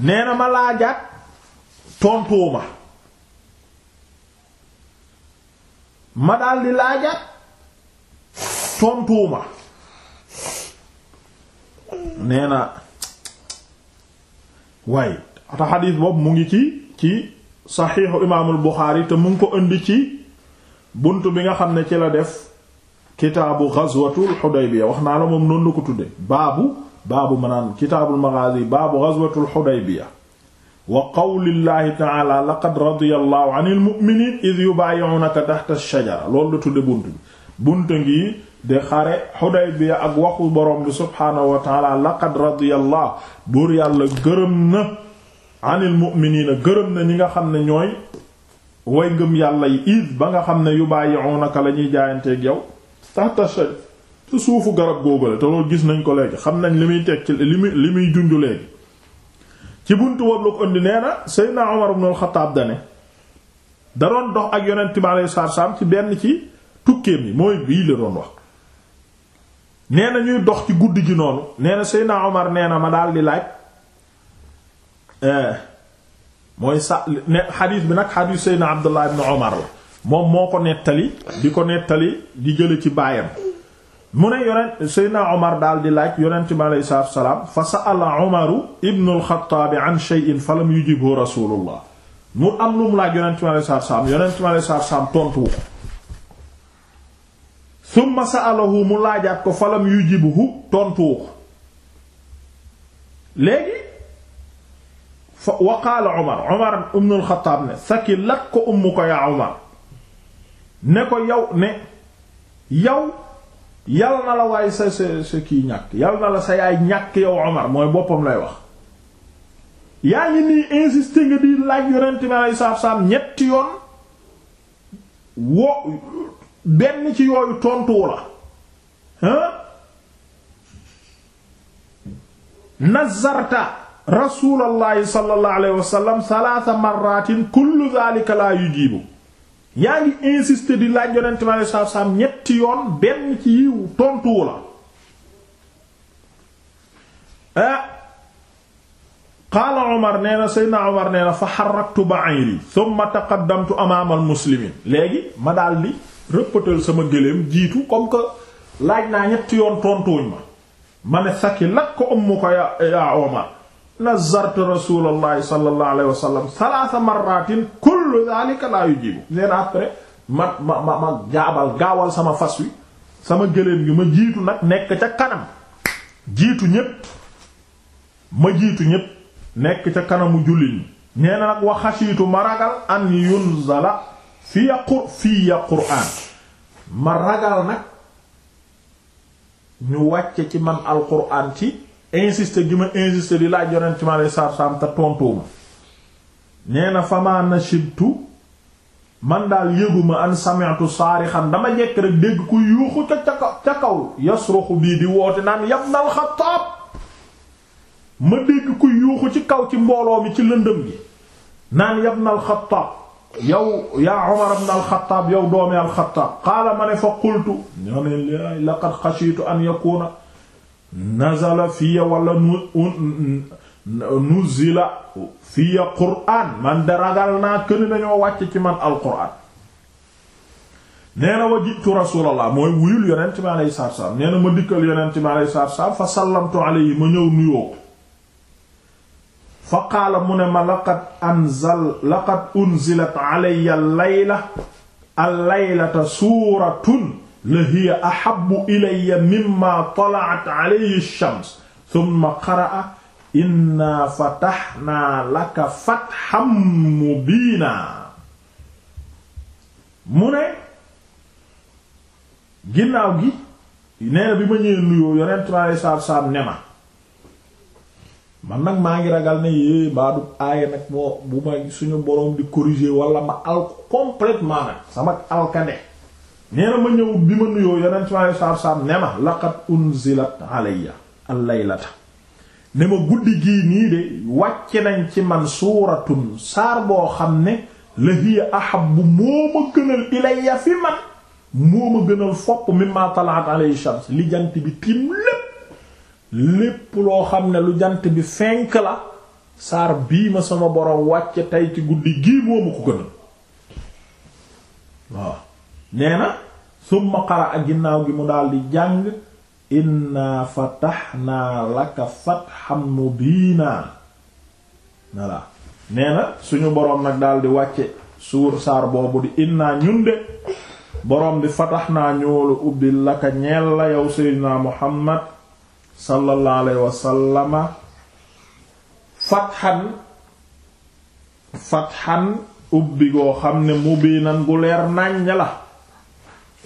nee na ma laajaat tontuwuma ma neena laajaat tontuwuma waaye ata xadiis boobu mu ngi ci ci saxiixu imaamul Buxaari te mu ngi ko indi ci bunt bi nga xam ne ci la def kitaabu ghazwatul Hudaybiya wax naa la moom noonu la ko tudde baabu baabu manaan kitaabul maghaazi baabu ghazwatul Hudaybiya wa qawlillahi ta'ala laqad radiyallahu 'anil mu'miniina idh yubaayi'unaka tahta ash-shajara loolu la tudde bunt bi bunt ngi de xare Hudaybiya ak waxu borom bi subhaanahu wa ta'ala laqad radiyallahu buur yàlla gërëm na 'anil mu'miniina gërëm na ñi nga xam ne ñooy way ngëm yàlla yi id ba nga xam ne yu bàyyi onaka la ñuy jaayanteeg yow tahta sa suufu garab góogale te loolu gis nañ ko léegi xam nañ li muy teg ci li muy li muy junj léegi ci buntu wab la ko indi nee na Seydina Omar ibn al dane da dox ak yonent bi alayhi salaatu ci benn ci tukkeem yi mooy bii la doon wax nee na ñuy dox ci guddi gi noonu nee na Seydina Omar nee na ma daal di laaj eh, mooy sa ne xadiis bi nag xadiis Seydina Abdullah ibn moom moo ko nettali di ko nettali di jële ci baayam mu ne yonent Omar daal di laaj yonent bi aleyhi salaatu wa salaam fa sa'ala Omaru ibn al-Khattab an shay'in fa lam yujibhu Rasulullah am lu mu laaj yonent bi wa salaam yonent bi aleyhi salaatu ko summa sa'alahu mu laajaat ko fa lam yujibhu tontu ko léegi fa wa qaala Umar Umar ibn al-Khattab ne ko ummu ko yaa Umar ne ko yow ne yow yal na la waaye sa sa sa kii ñàkk yal na la sa yaay ñàkk yow Umar mooy boppam lay wax yaa ngi nii insisté nga di laaj yonent mi alei saatu salaam ñetti yoon woo benn ci yooyu tontuwu la hein nazarta rasulallahi sallallahu alayhi wasallam salaasa marratin kullu zalika la yujibu yaa ngi insister di laaj yonent mi alayhi salaatu salaam ñetti yoon benn ci yiw tontuwu la ah qaala Omar nee na Seydina Omar nee na fa xarraktu ba'iri thumma taqaddamtu amaama almuslimiin léegi ma daal di rëppatal sama gëléem jiitu comme que laaj naa ñetti yoon tontuwuñ ma ma ne saki lak ko ummuka ya ya nazartu rasulallahi sallallahu alayhi wa sallam salaasa marratin kullu après ma ma ma jaabal gaawal sama fas wi sama gëléem gi ma jiitu nag nekk ca kanam jiitu ñépp ma jiitu ñépp nekk ca kanamu jullit nee na nag wa xasiitu ma ragal an yunzala fiya qur fiya qur'aan ma ragal nag ñu wàcce ci man alqur'aan ci insister gi ma insister di laaj yonent mi aleyhi salaatu salaam te tontuwuma nee na fama nashibtu man daal yëguma an sami'tu saarixan dama jekk rek dégg ku yuuxu ca ca kaw yasruxu bii di woote naan yabna al ma dégg ku yuuxu ci kaw ci mbooloo mi ci lëndëm gi naan yabna al-Xattaab yaa Umar ibn al-Xattaab doomi al qaala ma ne fa qultu ñoo ne laqad xashiitu an yakuuna nazala fiya wala nu nuzila fiya naa këni dañoo wàcc ci man al qur'aan nee na mooy wuyul yonent mi alayhi salaatu salaam nee na ma dikkal yonent fa sallamtu ma ñëw nuyoo fa qaala mu ne ma laqad anzal unzilat alayya al suuratun la hiya ahabbu ilayya mimma tala'at alayhi ash-shams thumma qara'a inna fatahnaa laka fathan mubiina mu ne ginnaaw gi nee bi ma ñëwee nuyoo yonent bi alei salatu salaam ne ma man nag maa ngi ragal ne yé baadu aaya nag bu ma suñu boroom di corriger wala ma al complètement nag sama alkane nee na ma ñëw bi ma nuyoo yonent bi alei satu salaam ne ma laqad unzilat alayya al ne ma guddi gii nii de wàcce nañ ci man suuratun saar boo xam ne la hiya ahabbu moo ma gënal ilayya fi man moo ma gënal fopp mimma talaat alayhi li jant bi tim lépp loo xam ne lu jant bi fenk la saar bii ma sama borom wàcce tey ci guddi gii moo ma ko gënal waaw nee na summa qara ak ginnaaw gi mu daldi jàng inna fatahnaa laka fathan mubiina voilà nee na suñu boroom nag daldi di wàcce suur saar boobu di inna ñun de boroom bi fatahnaa ñoolu ubbi laka ñeel la yow seydinaa muhammad sallallahu alayhi wa sallama fathan ubbi goo xam ne mubiinan gu leer nàññ la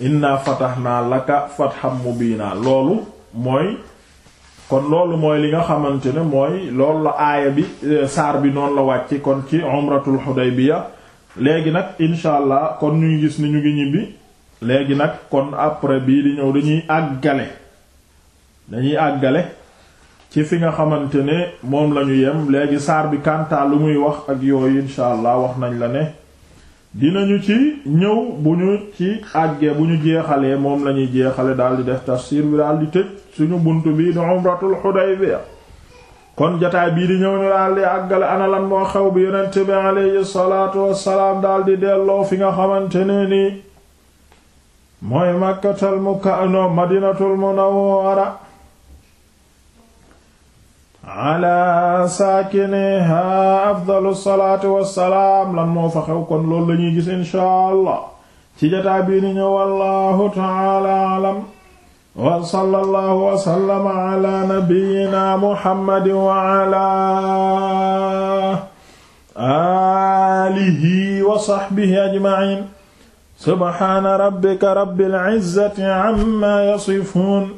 inna fatahnaa laka bii naa loolu mooy kon loolu mooy li nga xamante ne mooy loolu la aaya bi eh, saar bi noonu la wàcc kon ci umratul Hudaybiya léegi nag incha allah kon ñu gis ni ñu ngi léegi nag kon après bii di ñëw dañuy àggale dañuy àggale ci fi nga xamante ne moom la ñu yem léegi saar bi kàntaa lu muy wax ak yooyu incha allah wax nañ la ne dinañu ci ñëw bu ñu ci àggee bu ñu jeexalee moom la ñuy jeexale daal di def tafsir bi daal tëj suñu bunt bii di umratul Hudaybiya kon jataay bii di ñëw ñu daal di àggale ana lan moo xew bi yonent bi alayhi salaatu wassalaam daal delloo fi nga xamante ne ni mooy Makkatul Mukarrama Madinatul Munawwara ala saakiniha afdalu salaatu wassalaam lan moo fa xew kon loolu lañuy gis inshaa allah ci jataa bii ni ñëw wallahu taala alam wa sallallahu wa sallama ala nabiyyina muhammadin wa ala alihi wa sahbihi ajma'in subhaana rabbika rabbil izzati amma yasifun